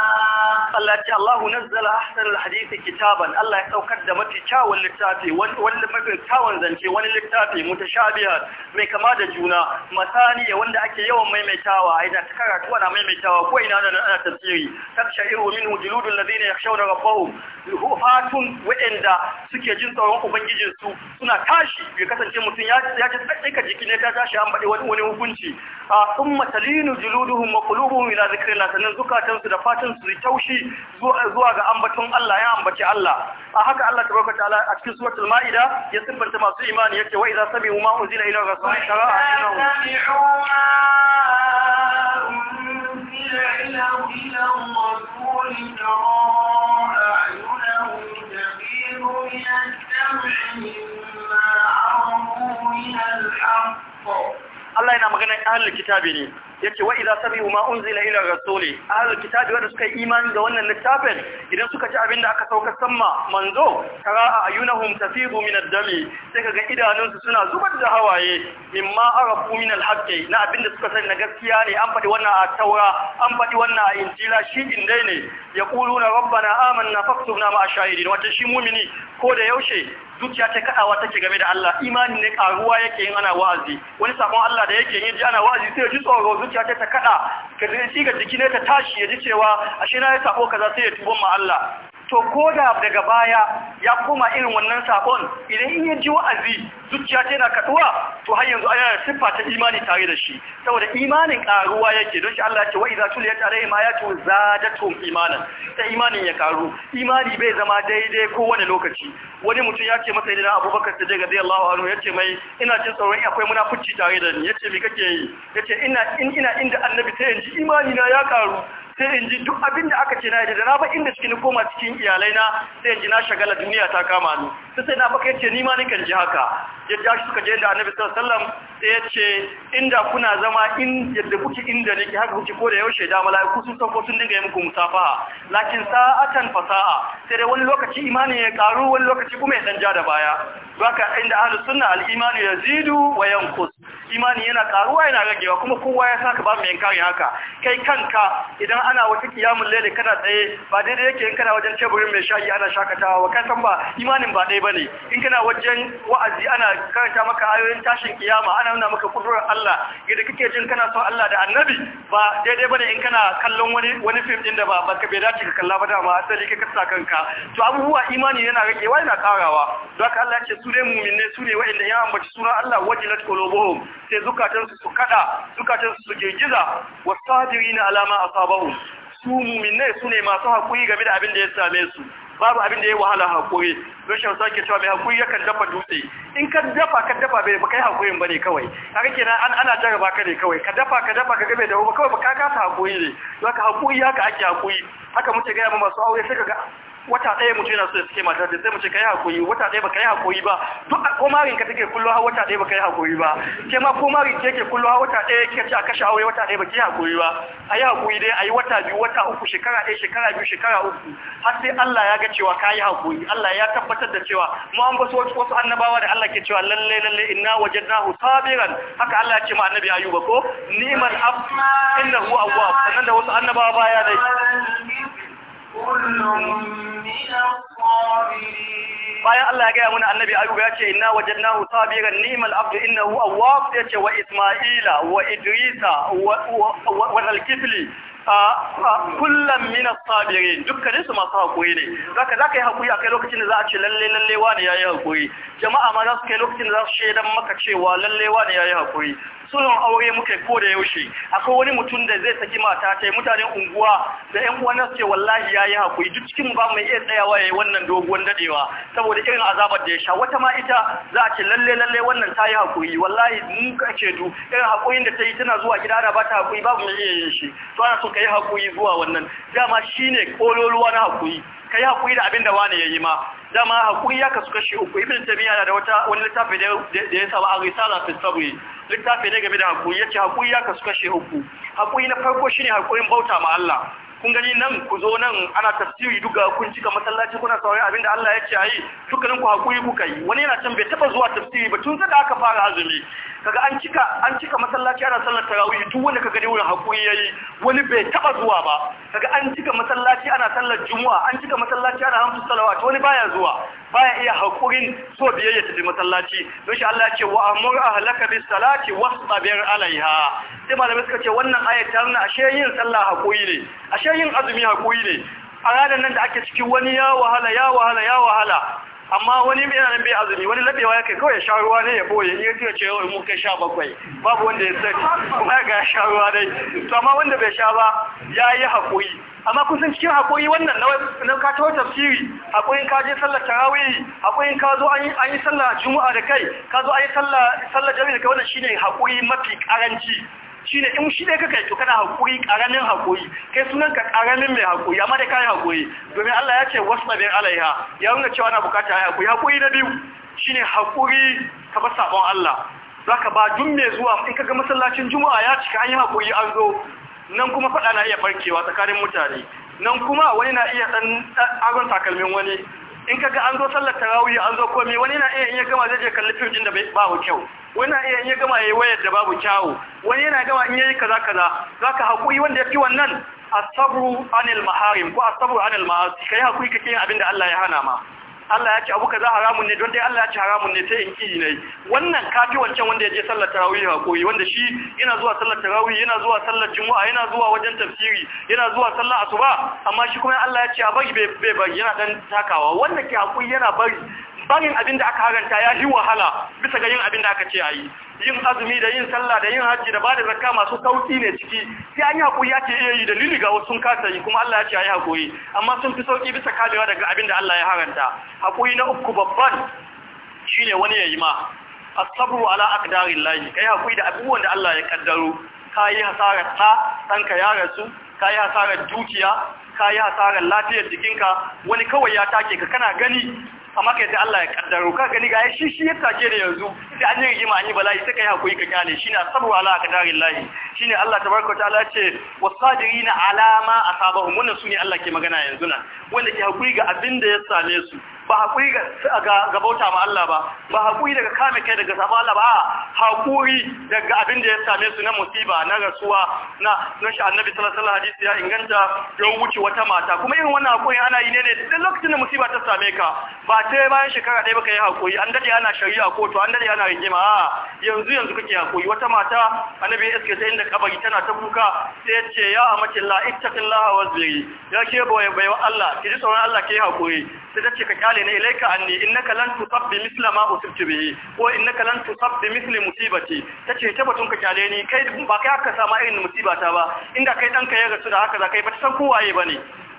Allah ya ce Allahu nazzala ahsanal hadisi kitaban Allah ya saukar da mafi kyawun littafi Wani mafi kyawun zance wani littafi mutashabiha mai kama da juna masaniya wanda ake yawan maimaitawa ai da karatu na maimaitawa ko ina da ana tafsiri takshairu minhu juludul ladina yakhshawna rabbahum hufatun wa'anda suke jin tsoron ubangijin su suna tashi bai kasance mutum ya ya ji tsaka jiki ne ta tashi an bade wani wani hukunci a thumma talinu juluduhum wa qulubuhum ila zikrillah sanan zukatan da fatan su taushi zuwa ga ambaton Allah ya ambaci Allah a haka Allah ta tabaraka ta'ala a cikin suratul maida ya siffanta masu imani yake wa idza sami'u ma unzila ila rasulika shara'a Allah yana magana ahlul kitabi ne yace wa idza sami'u ma unzila ila rasuli ahlul kitabi wanda suka yi imani da wannan littafin idan suka ci abinda da aka saukar sama manzo kara ayunahum tafidu min ad-dami sai kaga idanunsu suna zubar da hawaye mimma arafu min al-haqqi na abinda suka sani na gaskiya ne an faɗi wannan a taura an faɗi wannan a injila shi din dai ne yaquluna rabbana amanna faktubna ma'a shahidin wato shi mu'mini ko da yaushe zuciya ta kadawa take game da Allah imani ne karuwa yake yin ana wa'azi wani sakon Allah da yake yin ji ana wa'azi sai ya ji tsoro zuciya ta kada ka ji ga jiki ne ta tashi ya ji cewa ashe na ya sako kaza sai ya tubo ma Allah to ko da daga baya ya koma irin wannan sakon idan in ya ji wa'azi zuciya ta yana kaduwa to har yanzu ana da siffa ta imani tare da shi saboda imanin karuwa yake don shi Allah ya ce wa idza tuliyat ma ayatu zadatum imanan ta imanin ya karu imani bai zama daidai ko wani lokaci wani mutum ya ce masa idan Abubakar Siddiq Allahu anhu ya ce mai ina cin tsoron akwai fuci tare da ni ya ce me kake yi ya ce ina in ina inda annabi ta yanzu imani na ya karu sai in ji duk abin da aka ce na yadda na ba inda cikin koma cikin iyalai na sai in na shagala duniya ta kama ni sai sai na baka yace ni kan ji haka yadda shi suka je da annabi sallallahu alaihi wasallam sai inda kuna zama in yadda kuke inda nake haka kuke ko da yaushe da mala'iku sun tafi sun dinga yi muku musafaha lakin sa'atan fasaha, sai dai wani lokaci imani ya karu wani lokaci kuma ya dan ja da baya baka inda ahlus sunna al imani yazidu wa yanqus imani yana karuwa yana ragewa kuma kowa ya saka ba mai kare haka kai kanka idan ana wata kiyamun lele kana tsaye ba daidai yake in kana wajen teburin mai shayi ana shakatawa ka san ba imanin ba ɗaya bane in kana wajen wa'azi ana karanta maka ayoyin tashin kiyama ana nuna maka kudurar Allah yadda kake jin kana son Allah da Annabi ba daidai bane in kana kallon wani wani film din da ba baka bai dace ka kalla ba da ma asali ka kasa kanka to abubuwa imani yana ragewa yana karawa don haka Allah ya ce su dai mu'minai su ne wa'anda ya ambaci sunan Allah wajilat qulubuhum sai zukatansu su kada zukatansu su girgiza wasabirina alama asabahu su mu'minai su ne masu hakuri game da abin da ya same su babu abin da ya wahala hakuri rashin shan sake cewa mai hakuri yakan dafa dutse in ka dafa ka dafa bai kai hakurin bane kawai kaga kenan an ana jarraba ka ne kawai ka dafa ka dafa ka gabe da dawo ba kawai ba ka kasa hakuri ne zaka hakuri haka ake hakuri haka muke ga masu aure sai ga. wata ɗaya mutu yana so ya suke mata sai mace ka kai hakuri wata ɗaya ka yi hakuri ba duk a komarin ka take kullu ha wata ɗaya baka yi hakuri ba ke ma komarin ke yake kullu ha wata ɗaya ke ci a kashe aure wata ɗaya ba yi hakuri ba a yi hakuri dai a yi wata biyu wata uku shekara ɗaya shekara biyu shekara uku har sai Allah ya ga cewa ka yi hakuri Allah ya tabbatar da cewa mu an basu wasu annabawa da Allah ke cewa lalle lalle inna wajadnahu sabiran haka Allah ya ce ma annabi Ayuba ko ni'mal abd innahu awwab sannan da wasu annabawa baya dai bayan Allah ya gaya mana annabi ayuba ya ce inna wajadnahu sabiran ni'mal abdu innahu awwab ya ce wa isma'ila wa idrisa wa wa kullum mina sabiri dukkanin su masu hakuri ne zaka za ka yi hakuri a kai lokacin da za a ce lalle lalle wani ya yi haƙuri jama'a ma za su kai lokacin da za su shaidan maka cewa lalle wani ya yi hakuri sulhun aure muka ko da yaushe akwai wani mutum da zai saki mata ta mutanen unguwa da 'yan uwan ce wallahi yayi hakuri duk cikin ba mai iya tsayawa yayi wannan doguwar dadewa saboda irin azabar da ya sha wata ma ita za a ce lalle lalle wannan ta yi hakuri wallahi mun kace du irin hakurin da ta yi tana zuwa gida ana ba ta hakuri babu mai iya yin shi to ana so ka yi haƙuri zuwa wannan dama shi ne ƙololuwa na haƙuri ka yi haƙuri da abin da wani ya yi ma dama haƙuri ya kasu kashi uku ibn tamiya na da wata wani littafi da ya saba a risala fi sabri littafi ne game da haƙuri ya ce haƙuri ya kasu kashi uku haƙuri na farko shi ne haƙurin bauta ma Allah kun gani nan ku zo nan ana tafsiri duka kun cika masallaci kuna saurin abin da Allah ya ce ayi dukkanin ku hakuri kuka yi wani yana can bai taba zuwa tafsiri ba tun da aka fara azumi kaga an cika an cika masallaci ana sallar tarawih duk wanda kaga ne wurin hakuri yayi wani bai taba zuwa ba kaga an cika masallaci ana sallar juma'a an cika masallaci ana hamsu salawat wani baya zuwa baya iya haƙurin so biyayya tafi masallaci don shi Allah ce wa amur ahlaka bis salati wasbir alaiha sai malamai suka ce wannan ayat ta nuna ashe yin sallah haƙuri ne ashe yin azumi haƙuri ne a ranar nan da ake cikin wani ya wahala ya wahala ya wahala amma wani yana nan bai azumi wani labewa ya kai kawai ya sha ruwa ne ya boye in ya ce yau mu kai sha bakwai babu wanda ya sani kuma ga ya sha ruwa to amma wanda bai sha ba ya yi haƙuri amma kun cikin haƙuri wannan na ka wata tafsiri haƙurin ka je sallar tarawih haƙurin ka zo an yi sallar juma'a da kai ka zo an yi sallar sallar jami'a da kai wannan shine haƙuri mafi karanci. shine in shi dai kaka to kana hakuri karamin hakuri kai sunan ka karamin mai hakuri amma dai kai hakuri domin Allah ya ce wasu wasabir alaiha ya nuna cewa ana bukata hakuri hakuri na biyu shine hakuri ka ba sabon Allah ka ba dun mai zuwa in ka ga masallacin juma'a ya cika an yi hakuri an zo nan kuma fada na iya barkewa tsakanin mutane nan kuma wani na iya dan aron takalmin wani in ka ga an zo sallar tarawih an zo komai wani na iya in ya gama zai je kalli film din da babu kyau wani na iya in ya gama yayi wayar da babu kyawu wani yana gama in yayi kaza kaza zaka hakuri wanda yafi wannan asabru anil maharim ko asabru anil ma'asi kai hakuri kake yin abin da Allah ya hana ma Allah ya ce abu kaza haramun ne don dai Allah ya ce haramun ne sai in ki ne wannan kafi wancan wanda ya je sallar tarawih hakuri wanda shi yana zuwa sallar tarawih yana zuwa sallar juma'a yana zuwa wajen tafsiri yana zuwa sallar asuba amma shi kuma Allah ya ce a bari bai bari yana dan takawa wanda ke hakuri yana bari barin abin da aka haranta ya yi wahala bisa ga yin abin da aka ce a yi yin azumi da yin sallah da yin hajji da ba da zakka masu sauki ne ciki sai an yi hakuri ake iya yi dalili ga wasu sun kasa yi kuma Allah ya ce a yi hakuri amma sun fi sauki bisa kamewa daga abin da Allah ya haranta hakuri na uku babban shine wani ya yi ma asabru ala layi. Ka kai hakuri da abubuwan da Allah ya kaddaro yi hasarar ta ɗanka ya rasu kayi hasarar dukiya kayi hasarar lafiyar jikinka wani kawai ya take ka kana gani amma kai yadda Allah ya kaddaro ka gani ga shi shi ya take da yanzu sai an yi rigima an yi bala'i sai kai hakuri ka kyale shine asabu ala Shi shine Allah tabaraka ta'ala ce wasadirina alama a asabahum wannan sune Allah ke magana yanzu nan wanda ke hakuri ga abin da ya same su ba haƙuri ga bauta ma Allah ba ba haƙuri daga kame kai daga sabon Allah ba haƙuri daga abin da ya same su na musiba na rasuwa na don shi annabi sallallahu hadisi ya inganta don wuce wata mata kuma irin wannan haƙuri ana yi ne ne duk lokacin da musiba ta same ka ba ta bayan shekara ɗaya baka yi haƙuri an dade ana shari'a kotu an dade ana rigima a yanzu yanzu kake haƙuri wata mata annabi ya iske ta inda kabari tana ta kuka sai ya ce ya amace la ittaqillaha wasbiri ya ke bai wa Allah ki ji tsoron Allah ke haƙuri sai ta ce ka kyale ne ilaika anni innaka lan tusab bi misla ma usibti bihi ko innaka lan tusab bi misli musibati tace ta batun ka kyale ni kai ba kai aka sama irin musibata ba inda kai danka ya rasu da haka za kai ba ta san kowaye bane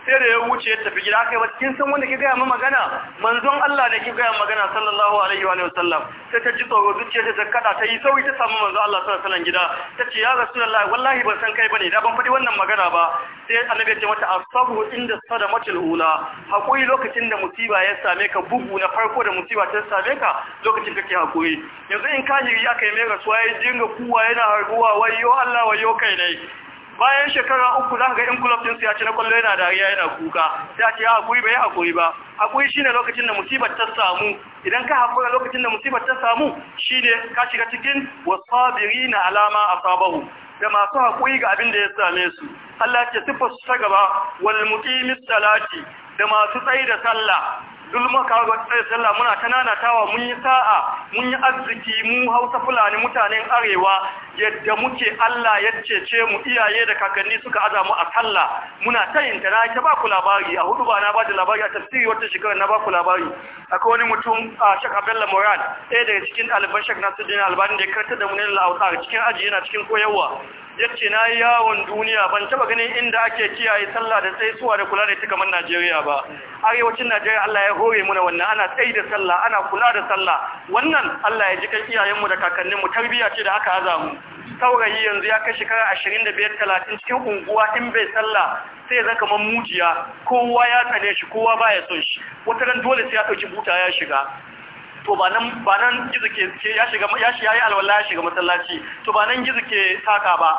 sai da ya wuce ya tafi gida aka yi kin san wanda ki gaya mu magana manzon Allah da ki gaya magana sallallahu alaihi wa sallam sai ta ji tsoro zuciya ta kada ta yi sauyi ta samu manzon Allah sallallahu alaihi gida ta ce ya rasu rasulullahi wallahi ban san kai bane da ban faɗi wannan magana ba sai annabi ya ce mata asabu inda sadamatul ula hakuri lokacin da musiba ya same ka bugu na farko da musiba ta same ka lokacin kake hakuri yanzu in kahiri aka yi mai rasuwa ya dinga kuwa yana harguwa wayo Allah wayo kai ne bayan shekara uku za ka ga in club din su ya ce na kwallo yana dariya yana kuka sai a ce ya hakuri bai hakuri ba hakuri shine lokacin da musibar ta samu idan ka hakura lokacin da musibar ta samu shine ka shiga cikin na alama a sabahu da masu hakuri ga abin da ya same su Allah ce siffar su ta gaba wal muqimis da masu tsayi da sallah zulma kawo ga tsaye sallah muna ta nanatawa mun yi sa'a mun yi arziki mu hausa fulani mutanen arewa yadda muke Allah ya cece mu iyaye da kakanni suka aza mu a sallah muna ta yin ta na ta ba ku labari a hudu ba na ba da labari a tafsiri wata shekarar na ba ku labari akwai wani mutum a Sheikh Abdullah Murad ɗaya daga cikin ɗaliban na Sudan Albani da ya karanta da mu ne cikin aji yana cikin koyarwa ce na yi yawon duniya ban taba ganin inda ake kiyaye sallah da tsaisuwa da kula da ita kamar Najeriya ba arewacin Najeriya Allah ya hore muna wannan ana tsayi da sallah ana kula da sallah wannan Allah ya ji kan iyayenmu da kakanninmu tarbiyya ce da aka aza mu saurayi yanzu ya kai shekara ashirin da biyar talatin cikin unguwa in bai sallah sai zaka man mujiya kowa ya tsane shi kowa baya son shi wata ran dole sai ya ɗauki buta ya shiga to ba nan ba nan gizo ke ya shiga ya shi yayi alwala ya shiga masallaci to ba nan gizo ke taka ba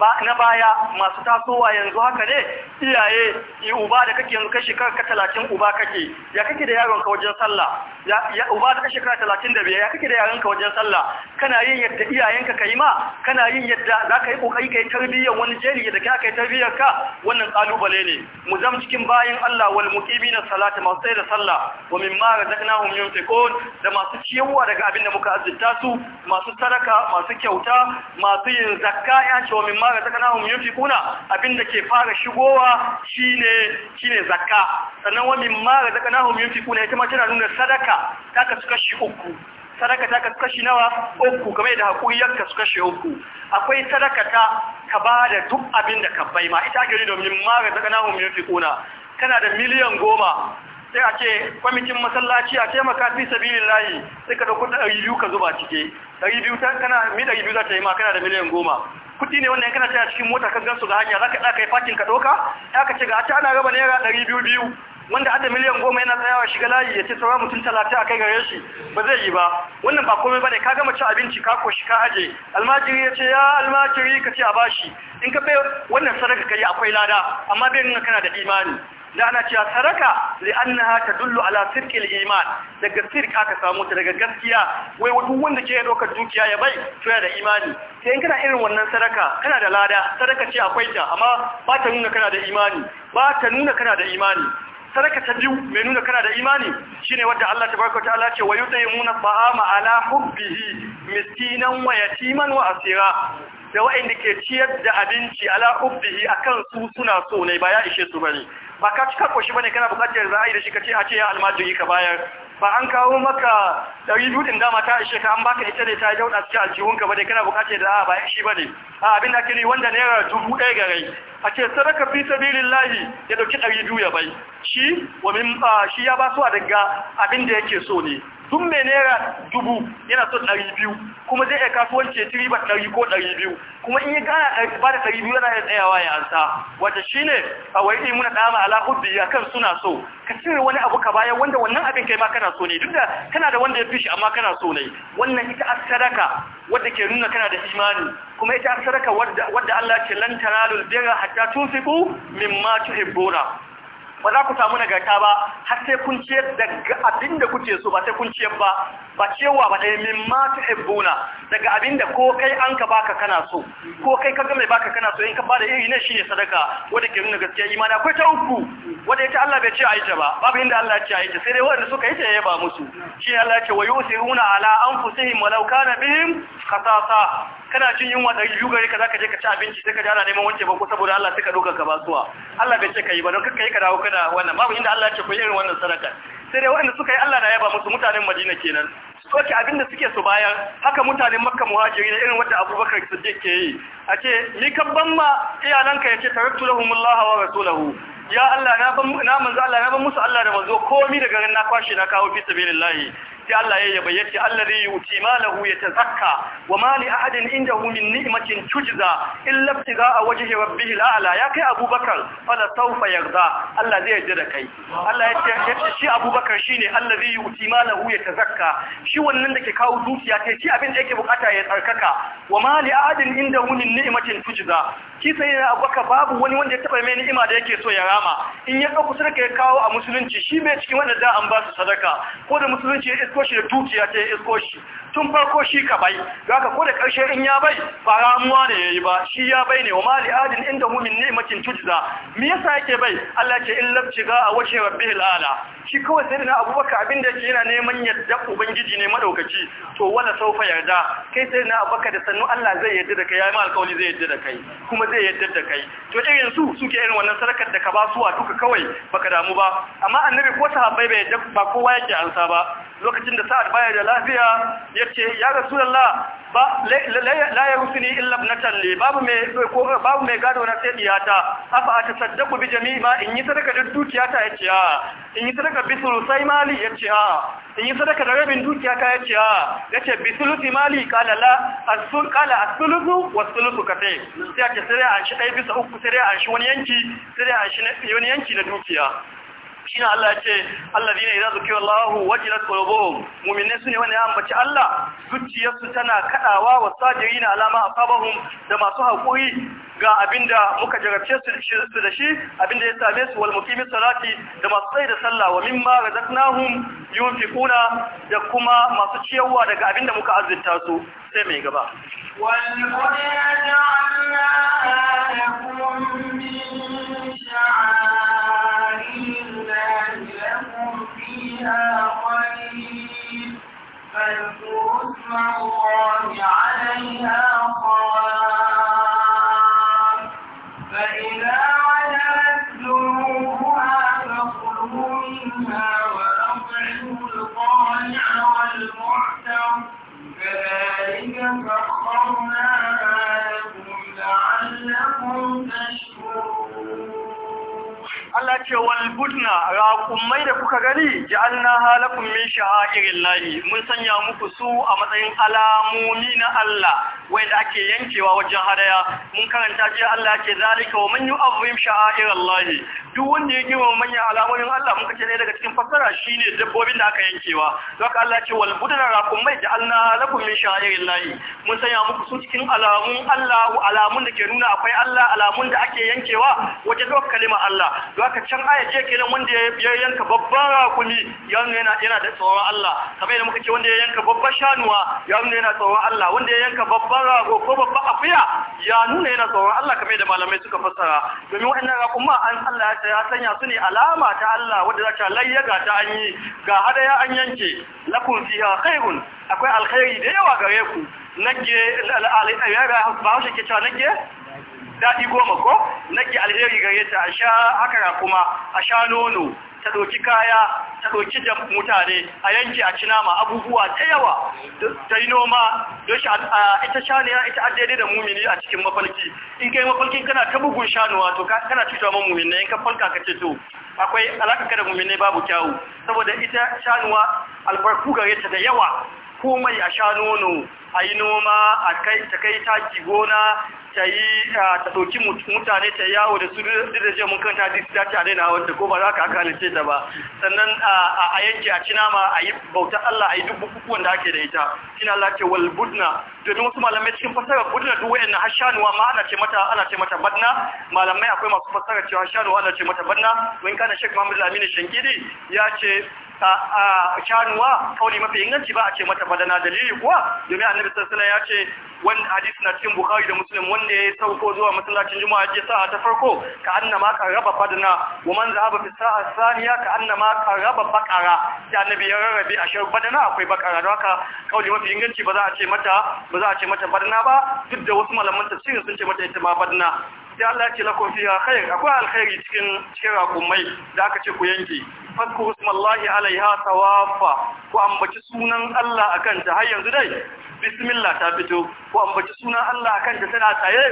na baya masu tasowa yanzu haka ne iyaye yi uba da kake yanzu kai shekara ka talatin uba kake ya kake da yaron ka wajen sallah ya uba da shekara talatin da biyar ya kake da yaron ka wajen sallah kana yin yadda iyayenka ka yi ma kana yin yadda za ka yi kokari ka yi tarbiyyar wani jeri da ka kai tarbiyyar ka wannan kalubale ne mu zama cikin bayin Allah wal muqimina salati masu sai da sallah wa ma razaqnahum yunfiqun da masu ciyarwa daga abin da muka azurta su masu sadaka masu kyauta masu yin zakka ya ce wa ma ma razaqnahum yunfiquna abinda ke fara shigowa shine shine zakka sannan wa mimma razaqnahum kuna ita ma tana nuna sadaka ta kasu kashi uku sadaka ta kasu kashi nawa uku kamar yadda hakuri yanka suka shi uku akwai sadaka ta ka ba da duk abinda ka bai ma ita ake domin ma razaqnahum kuna kana da miliyan goma sai a ce kwamitin masallaci a taimaka fi sabilin layi sai ka ɗauko ɗari biyu ka zuba cike ɗari biyu ta kana mi ɗari biyu za ta yi ma kana da miliyan goma kuɗi ne wannan kana ta cikin mota ka gansu ga hanya za ka ɗaka yi fakin ka ɗauka ya ka ce ga a ce ana raba naira ɗari biyu biyu wanda hada miliyan goma yana tsayawa shiga layi ya ce saura mutum talatin a kai gare shi ba zai yi ba wannan ba komai ba ne ka gama ci abinci ka koshi ka aje almajiri ya ce ya almajiri ka ce a bashi in ka bai wannan sadaka ka yi akwai lada amma bai nuna kana da imani da ana cewa saraka ta tadullu ala sirkil iman daga sirq ka samu ta daga gaskiya wai duk wanda ke dokar dukiya ya bai to ya da imani sai in kana irin wannan saraka kana da lada saraka ce akwai ta amma ba ta nuna kana da imani ba ta nuna kana da imani saraka ta biyu mai nuna kana da imani shine wanda Allah tabaraka ta'ala ce wa yudayimuna ba'ama ala hubbihi miskinan wa yatiman wa asira da wa'inda ke ciyar da abinci ala hubbihi akan su suna so ne ba ya ishe su bane ba ka cika koshi bane kana bukatar da a yi da shi ka a ce ya almajiri ka bayar ba an kawo maka ɗari dudin dama ta ishe ka an baka ita ne ta jauɗa cikin aljihunka ba ka kana bukatar da a ba shi ba a abin da ake ne wanda naira dubu ɗaya ga rai a ce sadaka fi sabilin ya ɗauki ɗari biyu ya bai shi ya ba su a daga abin da yake so ne tun mai naira dubu yana son ɗari biyu kuma zai iya kasuwanci ya ci ribar ɗari ko ɗari biyu kuma in ya gana eh, ba da ɗari biyu yana iya tsayawa ya ansa wata shi ne a wai ɗi muna ɗama ala a kan suna so ka cire wani abu ka bayan wanda wannan abin kai ma kana so ne duk da kana da wanda ya fi shi amma kana so ne wannan ita a sadaka wadda ke nuna kana da imani kuma ita a sadaka wadda Allah ce lan taralul birra hatta min ma tuhibbuna ba za ku samu nagarta ba har sai kun ciyar daga abin da kuke so ba sai kun ciyar ba ba cewa ba ɗaya min ma ta hibbuna daga abin da ko kai an ka baka kana so ko kai ka mai baka kana so in ka bada iri ne shine sadaka wanda ke nuna gaskiya imani akwai ta uku wanda ita Allah bai ce a ita ba babu inda Allah ya ce a ita sai dai wanda suka yi ta ya ba musu shi Allah ya ce wa yusiruna ala anfusihim walau kana bihim khasasa kana cin yunwa da yugare ka zaka je ka ci abinci sai ka ji ana neman wance ba ko saboda Allah sai ka doka ka basuwa Allah bai ce ka yi ba don kakka ka dawo sauka da wannan babu inda Allah ce wannan sadaka sai dai waɗanda suka yi Allah na yaba musu mutanen Madina kenan soke abin da suke su bayan haka mutanen makka muhajiri da irin wata abubakar siddiq ke yi a ce ni kan ma iyalanka ya ce tarattu lahumullaha wa rasulahu ya Allah na ban na manzo Allah na ban musu Allah da manzo komi daga ran na kwashe na kawo fi sabilillahi sai Allah ya yaba yace allazi yuti malahu yatazakka wa ma li ahadin indahu min ni'matin tujza illa ibtigha'a wajhi rabbihi al'ala ya kai abubakar fala sawfa yarda Allah zai yarda da kai Allah yace shi abubakar shine allazi yuti malahu yatazakka shi wannan da ke kawo dukiya kai shi abin da yake bukata ya tsarkaka wa ma li ahadin indahu min ni'matin tujza shi sai abubakar babu wani wanda ya taba mai ni'ima da yake so ya rama in ya dauko sadaka ya kawo a musulunci shi mai cikin wanda da an ba su sadaka ko da musulunci ya isko shi da dukiya ta isko shi tun farko shi ka bai ka ko da karshe in ya bai ba ramuwa ne yayi ba shi ya bai ne wa mali adin inda mumin ni'matin tujza me yasa yake bai Allah ce in labci ga a wace rabbihil ala shi kawai sai na abubakar abin da yake yana neman yadda ubangiji ne madaukaki to wala saufa yarda kai sai na abubakar da sannu Allah zai yarda da kai yi ma alƙawari zai yarda da kai kuma zai yarda da kai to irin su suke irin wannan sarakar da ka ba su a duka kawai baka damu ba amma annabi ko sahabbai bai ba kowa yake ansa ba lokacin da sa'ad baya da lafiya ya ce ya rasulullah ba la ya rusuni illa ibnatan li babu mai babu mai gado na sai diyata afa saddaku bi jami'i ma in yi sadaka da dukiyata yace a ah. in yi sadaka bi sulusai mali yace a ah. in yi sadaka da rabin dukiyata yace a ah. yace bi sulusi mali kala la asul kala asulu wa sulusu was-sulusu sai sai an shi dai bisa uku sai an shi wani yanki sai an shi wani yanki na dukiya shi na Allah ce Allah ne idan zukiwa Allahu wajilat qulubuhum mu'minai sune wani ya ambaci Allah zuciyarsu tana kadawa wa sajirina alama asabahum da masu hakuri ga abinda muka jarabce su da shi abinda ya same su wal salati da masu tsayi da sallah wa mimma razaqnahum yunfiquna da kuma masu ciyarwa daga abin da muka azurta su sai mai gaba wal ja'alna min sha'a الله لهم فيها خير فاذكروا اسم الله عليها فإذا منها وأطعموا القانع والمعتر كذلك Allah ce wal budna raƙummai da kuka gani ja'alna halakun min sha'airillahi mun sanya muku su a matsayin alamomi na Allah wanda ake yankewa wajen hadaya mun karanta ji Allah ce zalika wa man yu'azzim sha'airillahi duk wanda ya girma manyan alamomin Allah muka ce daga cikin fassara shine dabbobin da aka yankewa don Allah ce wal budna raƙummai ja'alna halakun min sha'airillahi mun sanya muku su cikin alamun Allah alamun da ke nuna akwai Allah alamun da ake yankewa wajen kalima Allah haka can aya ce kenan wanda ya yanka babban rakumi ya yana yana da tsoron Allah kamar yadda muka ce wanda ya yanka babban shanuwa ya nuna yana tsoron Allah wanda ya yanka babban rago ko babban Afiya, ya nuna yana tsoron Allah kamar yadda malamai suka fassara domin waɗannan rakuma an Allah ya sanya su ne alama ta Allah wanda za ta layyaga ta an yi ga hadaya an yanke lakum fiha khairun akwai alkhairi da yawa gare ku nage ba haushe ke cewa nage daɗi goma ko nake alheri gare ta a sha haka kuma a sha nono ta ɗauki kaya ta ɗauki da mutane a yanki a cinama abubuwa ta yawa ta yi noma don ita shaniya ita addaidai da mumini a cikin mafalki in kai mafalkin kana ta bugun shanuwa to kana cuta man mumini in ka falka ka ce to akwai alaƙa da mumini babu kyawu saboda ita shanuwa albarku gare ta da yawa komai a sha nono a yi noma a kai ta kai taki gona ta yi ta ɗauki mutane ta yawo da su da je mun kanta duk ta tare na wanda ko ba za ka halice ta ba sannan a yanke a ma a yi bautar Allah a yi duk bukukuwan da ake da ita Kina Allah ce wal budna don wasu malamai cikin fasara budna duk na hashanuwa ma ana ce mata ana ce mata badna malamai akwai masu fasara cewa hashanuwa ana ce mata badna wani kana shek Muhammad al Shankidi ya ce a shanuwa kauli mafi inganci ba a ce mata badana dalili kuwa domin annabi sallallahu ya ce wani hadisi na cikin bukhari da muslim wanda ya sauko zuwa masallacin juma'a je sa'a ta farko ka annama ka raba fadna wa man zahaba fi sa'a saniya ka annama ka raba bakara da annabi ya rarrabe a shar badana akwai bakara da haka kauli mafi inganci ba za a ce mata ba badana ba duk da wasu malaman tafsirin sun ce mata ita ma badana sai Allah ya ce lakum fiha khair akwai alkhairi cikin cikin rakumai da aka ce ku yanke fadku usmallahi alaiha sawafa ku ambaci sunan Allah akan ta har yanzu dai bismillah ta fito ku ambaci sunan Allah akan ta tana tsaye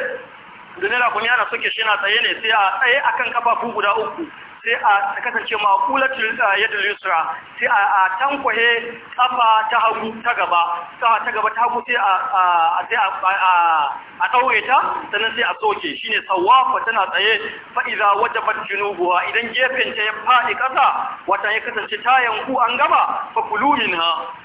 dunya rakumi ana soke shi na tsaye ne sai a tsaye akan kafafu guda uku sai a ta kasance maƙulatul yadda lusra sai a tankwahe kafa ta hagu ta gaba ta gaba ta hagu sai a a ɗaure ta sannan sai a soke shine tsawafa tana tsaye fa wata wajabat idan gefen ta ya fadi kasa wata ya kasance ta yanku an gaba? fa kulu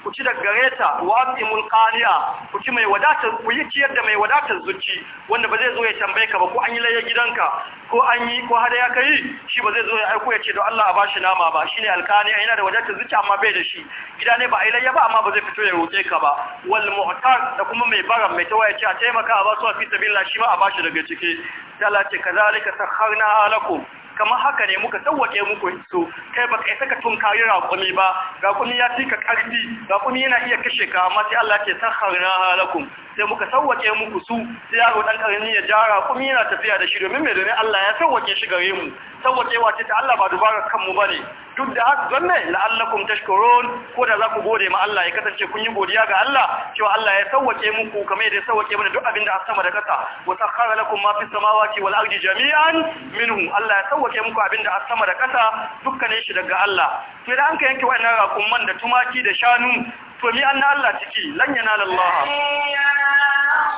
ku ci gare gareta wa mun qaniya ku ci mai wadatar ku yi ciyar da mai wadatar zuci wanda ba zai zo ya tambaye ka ba ko an yi layar gidanka ko an yi ko har ya kai shi ba zai zo ya aiko ya ce don Allah a shi nama ba Shi ne alqaniya yana da wadatar zuci amma bai da shi gida ne ba a yi laye ba amma ba zai fito ya roƙe ka ba wal mu'tar da kuma mai bara mai tawaye ce a taimaka a ba kasuwa fi sabilillah shi ma a bashi daga ciki sai Allah ce kazalika sakharna alakum kamar haka ne muka sauwake muku su kai baka yi saka tun kayi raƙumi ba raƙumi ya fi ka ƙarfi raƙumi yana iya kashe ka amma sai Allah ce sakharna alakum sai muka sauwake muku su sai yaro dan karami ya jara kuma yana tafiya da shi domin me domin Allah ya sauwake shi gare mu wa ce ta Allah ba dubara kanmu ba ne. duk da haka don me la'allakum tashkurun ko da za ku gode ma Allah ya kasance kun yi godiya ga Allah cewa Allah ya sauwake muku kamar yadda ya sauwake mana duk abin da a sama da kasa wa sakhara lakum ma fis samawati wal ardi jami'an minhu Allah ya sauwake muku abin da a sama da kasa dukkanin shi daga Allah to da an ka yanke wa'annan rakuman da tumaki da shanu to mi an Allah ciki lan yanala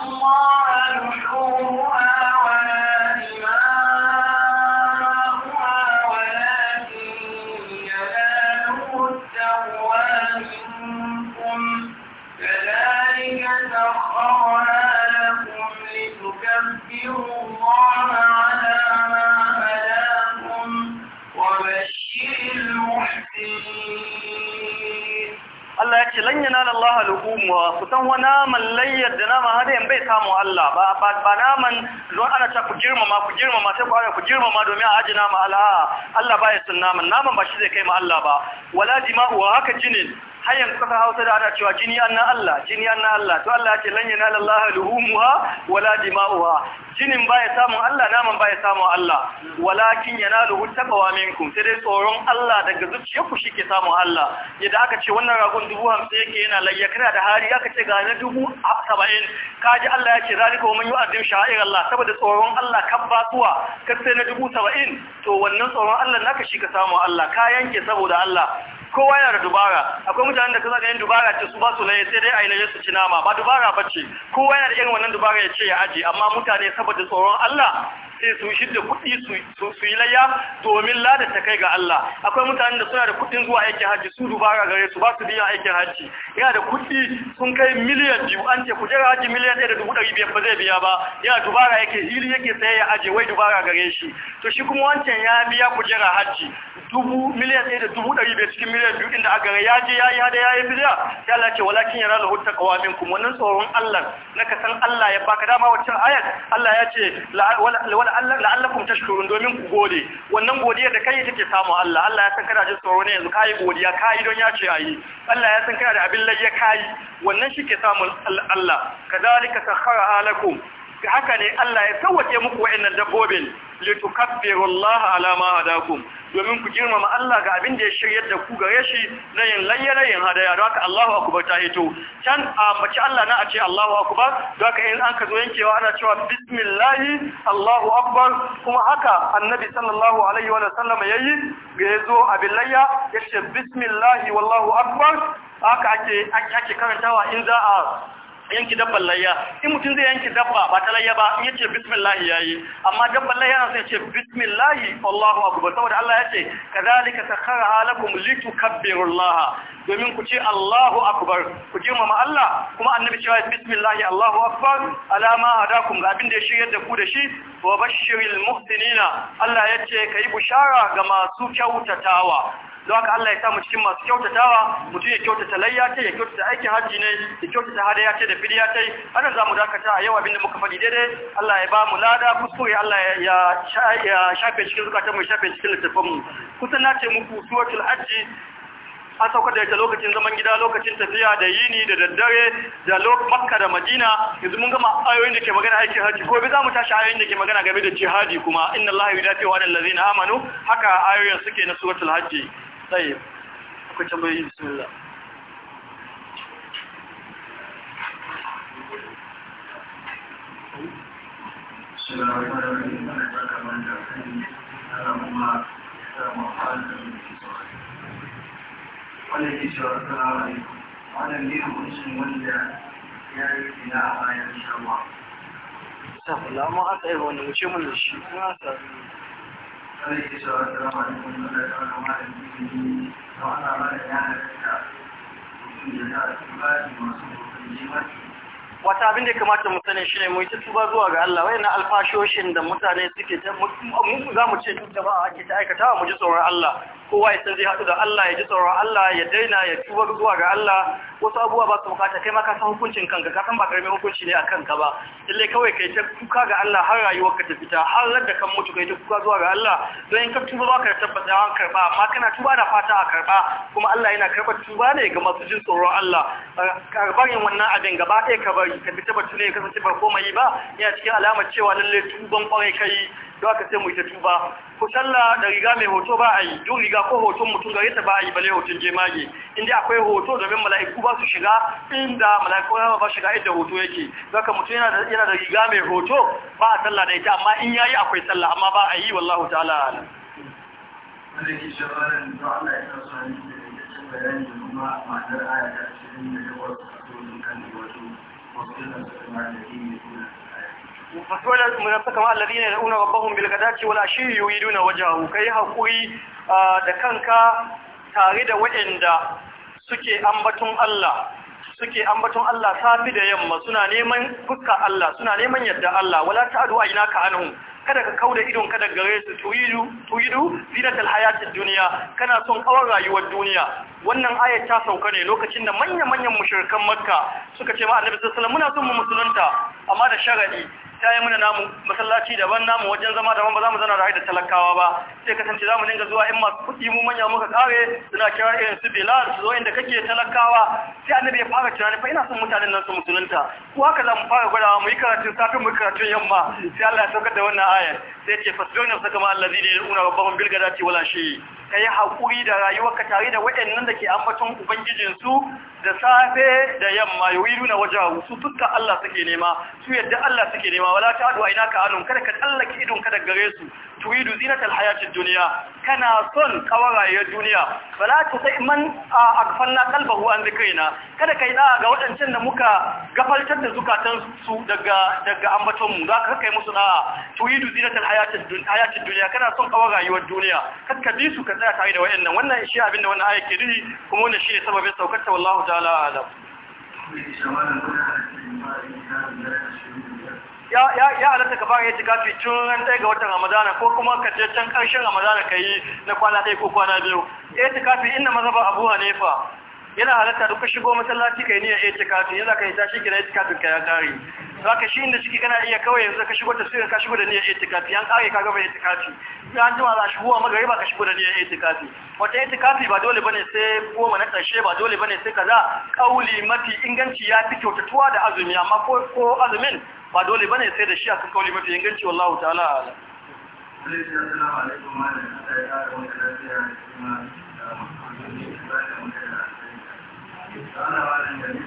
Allah سخرها لكم لتكبروا الله على Allah ya ce lan yanala Allah luhumwa kusan wa naman layyar da nama hada yan bai samu Allah ba ba naman don ana ta ku girmama ku girmama sai ku ku girmama domin a aji nama Allah Allah ba ya sun naman naman ba shi zai kai ma Allah ba wala jima'u haka jinin har yanzu kasa hausa da ana cewa jini an na Allah jini an na Allah to Allah ya ce lan yanala Allah luhumuha wala dima'uha jinin baya samun Allah naman baya samun Allah walakin yanaluhu taqwa minkum sai dai tsoron Allah daga zuciyarku shike samun Allah yadda aka ce wannan ragon dubu 50 yake yana layya kana da hari aka ce ga na 70 kaji Allah ya ce zalika wa man yu'addim sha'ir Allah saboda tsoron Allah kan batuwa kar sai na dubu 70 to wannan tsoron Allah naka shi ka samu Allah ka yanke saboda Allah kowa yana da dubara akwai mutanen da kaza yin dubara ce su ba su laye sai dai a yi su ci nama ba dubara ba ce kowa yana da irin wannan dubara ya ce ya aje amma mutane saboda tsoron Allah sai su shi da kuɗi su yi layya domin lada ta kai ga Allah akwai mutanen da suna da kuɗin zuwa aikin hajji su dubara gare su ba su biya aikin hajji yana da kuɗi sun kai miliyan biyu an ce jira hajji miliyan ɗaya da dubu ɗari biyar ba zai biya ba yana dubara yake hili yake saye ya aje wai dubara gare shi to shi kuma wancan ya biya jira hajji dubu miliyan ɗaya da dubu ɗari biyar cikin miliyan biyu inda aka ya je ya yi hada ya yi bidiya ya lace walakin yana da hutta kawamin kuma wannan tsoron Allah na ka san Allah ya baka dama wacce ayat Allah ya ce wala la'allakum tashkurun domin ku gode wannan godiya da kai take samu Allah Allah ya san kana jin tsoro ne yanzu kai godiya kai don ya ce ayi Allah ya san kana da abin lafiya kai wannan shi ke samu Allah kadhalika sakhara lakum ga haka ne Allah ya sauwace muku wa'annan dabbobin litukabbiru Allah ala ma hadakum domin ku girmama Allah ga abin da ya shirya da ku gare shi na yin layyarayin hadaya don haka Allahu akbar ta hito can a mace Allah na a ce Allahu akbar don haka in an ka zo yankewa ana cewa bismillahi Allahu akbar kuma haka annabi sallallahu alaihi wa sallam yayi ga yazo abin layya yace bismillahi wallahu akbar haka ake ake karantawa in za a yanki dabban layya in mutum zai yanki dabba ba ta layya ba in yace bismillah yayi amma dabban layya na sai yace bismillah Allahu akbar saboda Allah yace kadhalika sakharaha lakum litukabbirullaha domin ku ce Allahu akbar ku girmama Allah kuma annabi cewa bismillah Allahu akbar alama hadakum ga abin da ya shirye da ku da shi wa bashiril muhsinina Allah yace kai bushara ga masu kyautatawa don haka Allah ya samu cikin masu kyautatawa mutum ya kyautata layya ce ya kyautata aikin hajji ne ya kyautata hadaya ce da fidiya ce ana za mu dakata a yau abinda muka faɗi daidai Allah ya ba mu lada kuskure Allah ya shafe cikin zukata mu ya shafe cikin littafin mu kusan na ce muku suwatul hajji an sauka da ita lokacin zaman gida lokacin tafiya da yini da daddare da makka da madina yanzu mun gama ayoyin da ke magana aikin hajji, ko bi za mu tashi ayoyin da ke magana game da jihadi kuma inna allaha yudafi wa alal ladina amanu haka ayoyin suke na suratul hajji طيب كنت بقول بسم الله السلام عليكم ورحمة الله وبركاته. أنا محمد، أنا محمد بن سعيد. وعليكم السلام ورحمة الله وبركاته. أنا اليوم أسلم ولا يا إله إلا الله إن شاء الله. سلام الله ما أتعبوني وشو من الشيء ما أتعبوني. wata abin da ya kamata mu sani shine mu yi tuba zuwa ga Allah wayannan alfashoshin da mutane suke ta mu za mu ce duk da ba ake ta aikatawa mu ji tsoron Allah kowa ya san zai haɗu da Allah ya ji tsoron Allah ya daina ya tuba zuwa ga Allah wasu abubuwa ba su bukata kai ma ka san hukuncin kanka ka san ba karamin hukunci ne a kanka ba lalle kawai kai ta kuka ga Allah har rayuwarka ta fita har ran da kan mutu kai ta kuka zuwa ga Allah don in ka tuba ba ka tabbata an karba amma kana tuba da fata a karba kuma Allah yana karba tuba ne ga masu jin tsoron Allah karbar yin wannan abin gaba ɗaya ka bari ka fita batu ne kasance ba komai ba yana cikin alamar cewa lalle tuban kwarai kai don haka sai mu ta tuba ko sallah da riga mai hoto ba a yi duk riga ko hoton mutum gare ta ba a yi bale hoton jemage inda akwai hoto domin mala'iku ba su shiga inda mala'iku rahama ba shiga inda hoto yake zaka mutum yana da riga mai hoto ba a sallah da ita amma in yayi akwai sallah amma ba a yi wallahu ta'ala ne فسولا منافقا مع الذين يدعون ربهم yi والعشي يريدون ka yi حقوي ah, da kanka tare da waɗanda suke ambaton Allah suke ambaton Allah safi da yamma suna neman fuska Allah suna neman yadda Allah wala ta ta'du aynaka anhum kada ka kauda idon kada gare su tuyidu tuyidu zinatul hayatid dunya kana son kawar rayuwar duniya wannan ayat ta sauka ne lokacin da manyan manyan mushrikan makka suka ce ma annabi sallallahu alaihi wasallam muna son mu musulunta amma da sharadi ta yi mana namu masallaci daban namu wajen zama daban ba za mu zana da haida talakawa ba sai kasance za mu dinga zuwa in masu kuɗi mu manya muka kare suna kira irin su bilal su zo inda kake talakawa sai annabi ya fara tunani fa ina son mutanen nan su musulunta ko haka za mu fara gwadawa mu yi karatun safin mu yi karatun yamma sai Allah ya saukar da wannan ayar sai ce fasirna saka ma ne una rabbahum bil ghadati wala shi kai hakuri da rayuwarka tare da waɗannan da ke ambaton ubangijin su da safe da yamma yuwiluna wajahu su tukka Allah suke nema su yadda Allah suke nema wala ta'du ainaka anum kada ka tsallake idon ka daga gare su turidu zinatal hayatid dunya kana son kawaraye duniya wala tusai man akfanna qalbahu an dhikrina kada kai da ga waɗancan da muka gafaltar da zukatan su daga daga ambaton mu zaka kai musu da turidu zinatal ayatin duniya kana son kawar rayuwar duniya kan bi su ka tsaya tare da wayannan wannan shi abin da wannan ayat ke kuma wannan shi ne sababin saukar ta wallahu ta'ala alam ya halatta ka fara yi tikafi tun ran ɗaya ga watan ramadana ko kuma ka je can ƙarshen ramadana ka yi na kwana ɗaya ko kwana biyu ya tikafi inda mazhaba abu hanifa yana halatta duk shigo masallaci kai niyyar i'tikafin yana kai tashi kira i'tikafin kai ya kare to haka shi inda ciki kana iya kawai yanzu ka shigo tafsirin ka shigo da niyyar i'tikafi an kare ka gaba i'tikafi sai an jima za shigo magariba ka shigo da niyyar i'tikafi wata i'tikafi ba dole bane sai goma na karshe ba dole bane sai kaza kauli mafi inganci ya fito kyautatuwa da azumi amma ko ko azumin ba dole bane sai da shi kan kauli mafi inganci wallahu ta'ala Assalamu alaikum game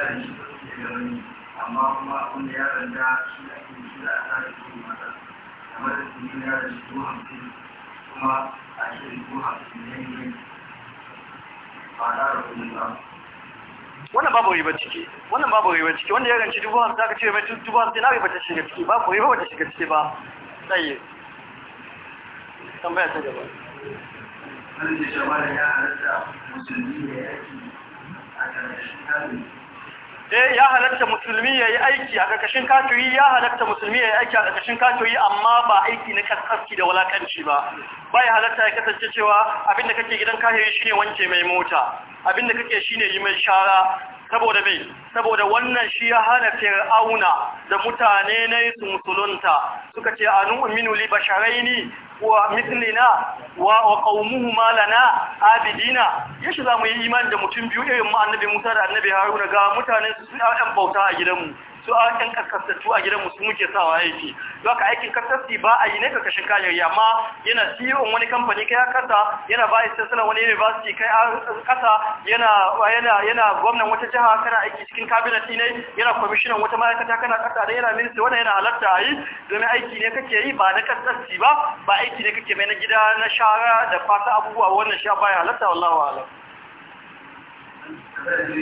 da amma kuma wanda yaron da shi ake shi da kamar shi ko hamsin kuma ko hamsin ne ba da wannan babu riba ciki wannan babu riba ciki wanda ya ranci dubu hamsin aka ce mai dubu hamsin na riba ta shiga ciki babu riba ba ta shiga ciki ba tsaye tambaya ta gaba Eh ya halatta musulmi ya yi aiki a ƙarƙashin katoyi ya halatta musulmi ya yi aiki a ƙarƙashin katoyi amma ba aiki na kaskaski da walakanci ba ba ya halatta ya kasance cewa abinda kake gidan kahiri shine wanke mai mota abinda kake shine yi mai shara saboda mai saboda wannan shi ya hana fir'auna da mutane na yi su musulunta suka ce anu uminu li basharaini wa mislina wa wa qaumuhuma lana abidina yashi zamu yi imani da mutum biyu irin mu annabi Musa da annabi Haruna ga mutane su suna ɗan bauta a gidanmu su a ɗan kaskasattu a gidan musu muke sawa aiki Za ka aikin kaskasti ba a yi ne ka kashin kayan amma yana CEO wani kamfani kai a kasa yana ba istasila wani university kai a kasa yana gwamnan wata jiha kana aiki cikin cabinet ne yana kwamishinan wata ma'aikata kana kasa da yana minista wani yana halarta a yi domin aiki ne kake yi ba na kaskasti ba ba aiki ne kake mai na gida na shara da fata abubuwa wannan sha baya halarta wallawa alam. Kada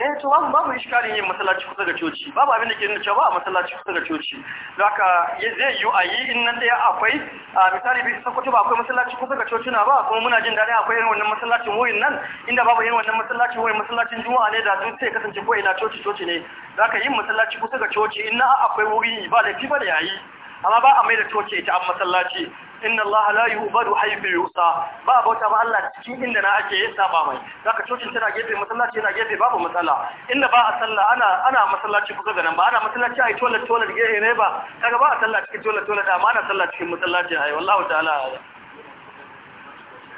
sai eh, to wannan babu iskarin yin masallaci kusa ga coci babu abin da ke nuna cewa a masallaci kusa ga coci haka zai yi a yi in nan dai akwai a misali bisa sokoto ba akwai masallaci kusa ga coci na ba kuma muna jin daɗin akwai irin wannan masallacin wurin nan inda babu yin wannan masallacin wurin masallacin juma'a ne da duk sai kasance ko ina coci coci ne haka yin masallaci kusa ga coci in na akwai wuri ba laifi ba da yayi amma ba a mai da toce ita an masallaci inna Allah la yu'badu haythu yusa ba bauta ba Allah cikin inda na ake yin saba mai zaka cocin tana gefe masallaci yana gefe babu matsala inda ba a sallah ana ana masallaci kusa ga nan ba ana masallaci ai toilet toilet gefe ne ba kaga ba a sallah cikin toilet toilet amma ana sallah cikin masallaci ai wallahi ta'ala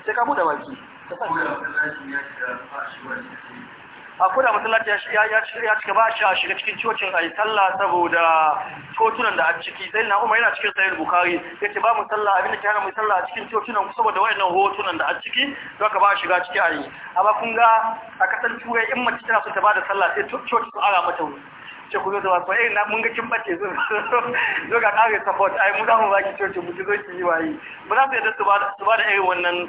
sai ka bude baki ka san masallaci ya shiga ba shi wani a da masallaci ya cika ba shi a shiga cikin cocin a yi sallah saboda cocunan da a ciki sai na umar yana cikin sayar bukari ya ce ba mu sallah abinda ke hana mu sallah a cikin cocunan saboda wayannan hotunan da a ciki za ka ba a shiga ciki a yi amma kun ga a kasar turai in mace tana so ta ba da sallah sai coci su ara mata wuri ce ku zo da wasu eh na mun ga kin bace zo zo ga kare support ai mu za mu ki coci mu zo ki yi wayi ba za su yadda su ba da irin wannan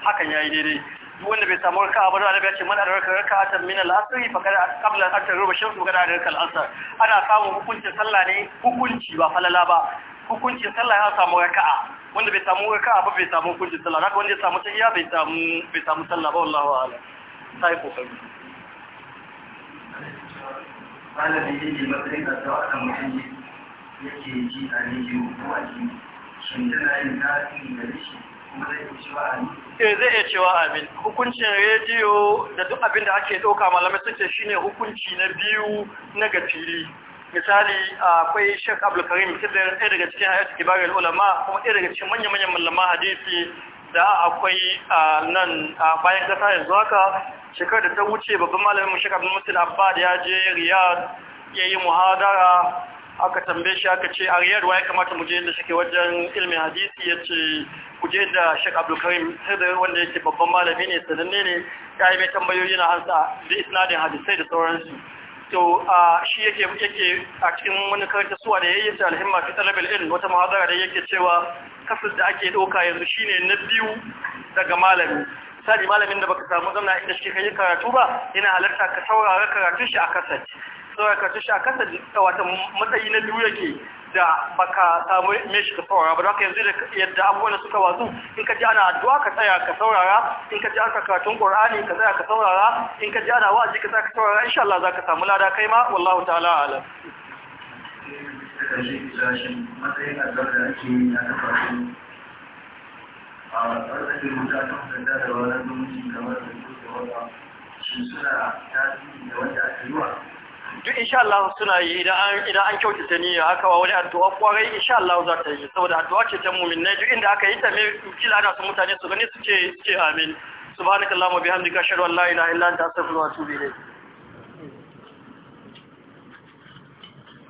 hakan ya yi daidai duk wanda bai samu raka ba da ya ce man adarka raka ta min al-asri fa kada qabla an taruba shamsu kada adarka al-asr ana samu hukuncin sallah ne hukunci ba falala ba hukuncin sallah ya samu raka'a wanda bai samu raka'a ba bai samu hukuncin sallah haka wanda ya samu tahiyya bai samu bai samu sallah ba wallahi ala sai kokari malamin yake matsayin da zuwa kan mutum yake ji a rediyo ko a jini shin tana yin tasiri da rishi kuma zai iya cewa amin eh zai iya cewa amin hukuncin rediyo da duk abin da ake ɗauka malamai sun ce shine hukunci na biyu na ga misali akwai shek abdulkarim sidar ɗaya daga cikin hayar kibarar ulama kuma ɗaya daga cikin manya-manyan malama hadisi da akwai nan bayan kasa yanzu haka shekarar da ta wuce babban malamin mu shekarar musul abbad ya je riyad ya yi muhadara aka tambaye shi aka ce a riyad wa ya kamata mu je da shi ke wajen ilmin hadisi ya ce ku je da shek abdulkarim tada wanda yake babban malami ne sananne ne ya yi mai tambayoyi na hansa da isnadin hadisai da sauransu to a shi yake yake a cikin wani karanta suwa da yayin ta alhimma fi talabil ilm wata muhadara da yake cewa kafin da ake doka yanzu shine na biyu daga malami misali malamin da baka samu zamna inda shi kai karatu ba yana halarta ka saurara karatun shi a kasar saurara karatun shi a kasar wata matsayi na biyu yake da baka samu me shi ka saurara ba zaka yanzu yadda abubuwan da suka wazu in ka ji ana addu'a ka tsaya ka saurara in ka ji an karatun qur'ani ka tsaya ka saurara in ka ji ana wa'azi ka tsaya ka saurara insha Allah zaka samu lada kai ma wallahu ta'ala alam matsayin addu'a da ake yi na a tsarkake bukatun da wani aka duk insha Allah suna yi idan an kyautata niyya haka wa wani addu'a kwarai insha Allah za ta yi saboda addu'a ce ta mu'minai duk inda aka yi ta me kila ana su mutane su gani su ce amin subhanakallahumma bihamdika ashhadu an la ilaha illa anta astaghfiruka wa atubu ilayk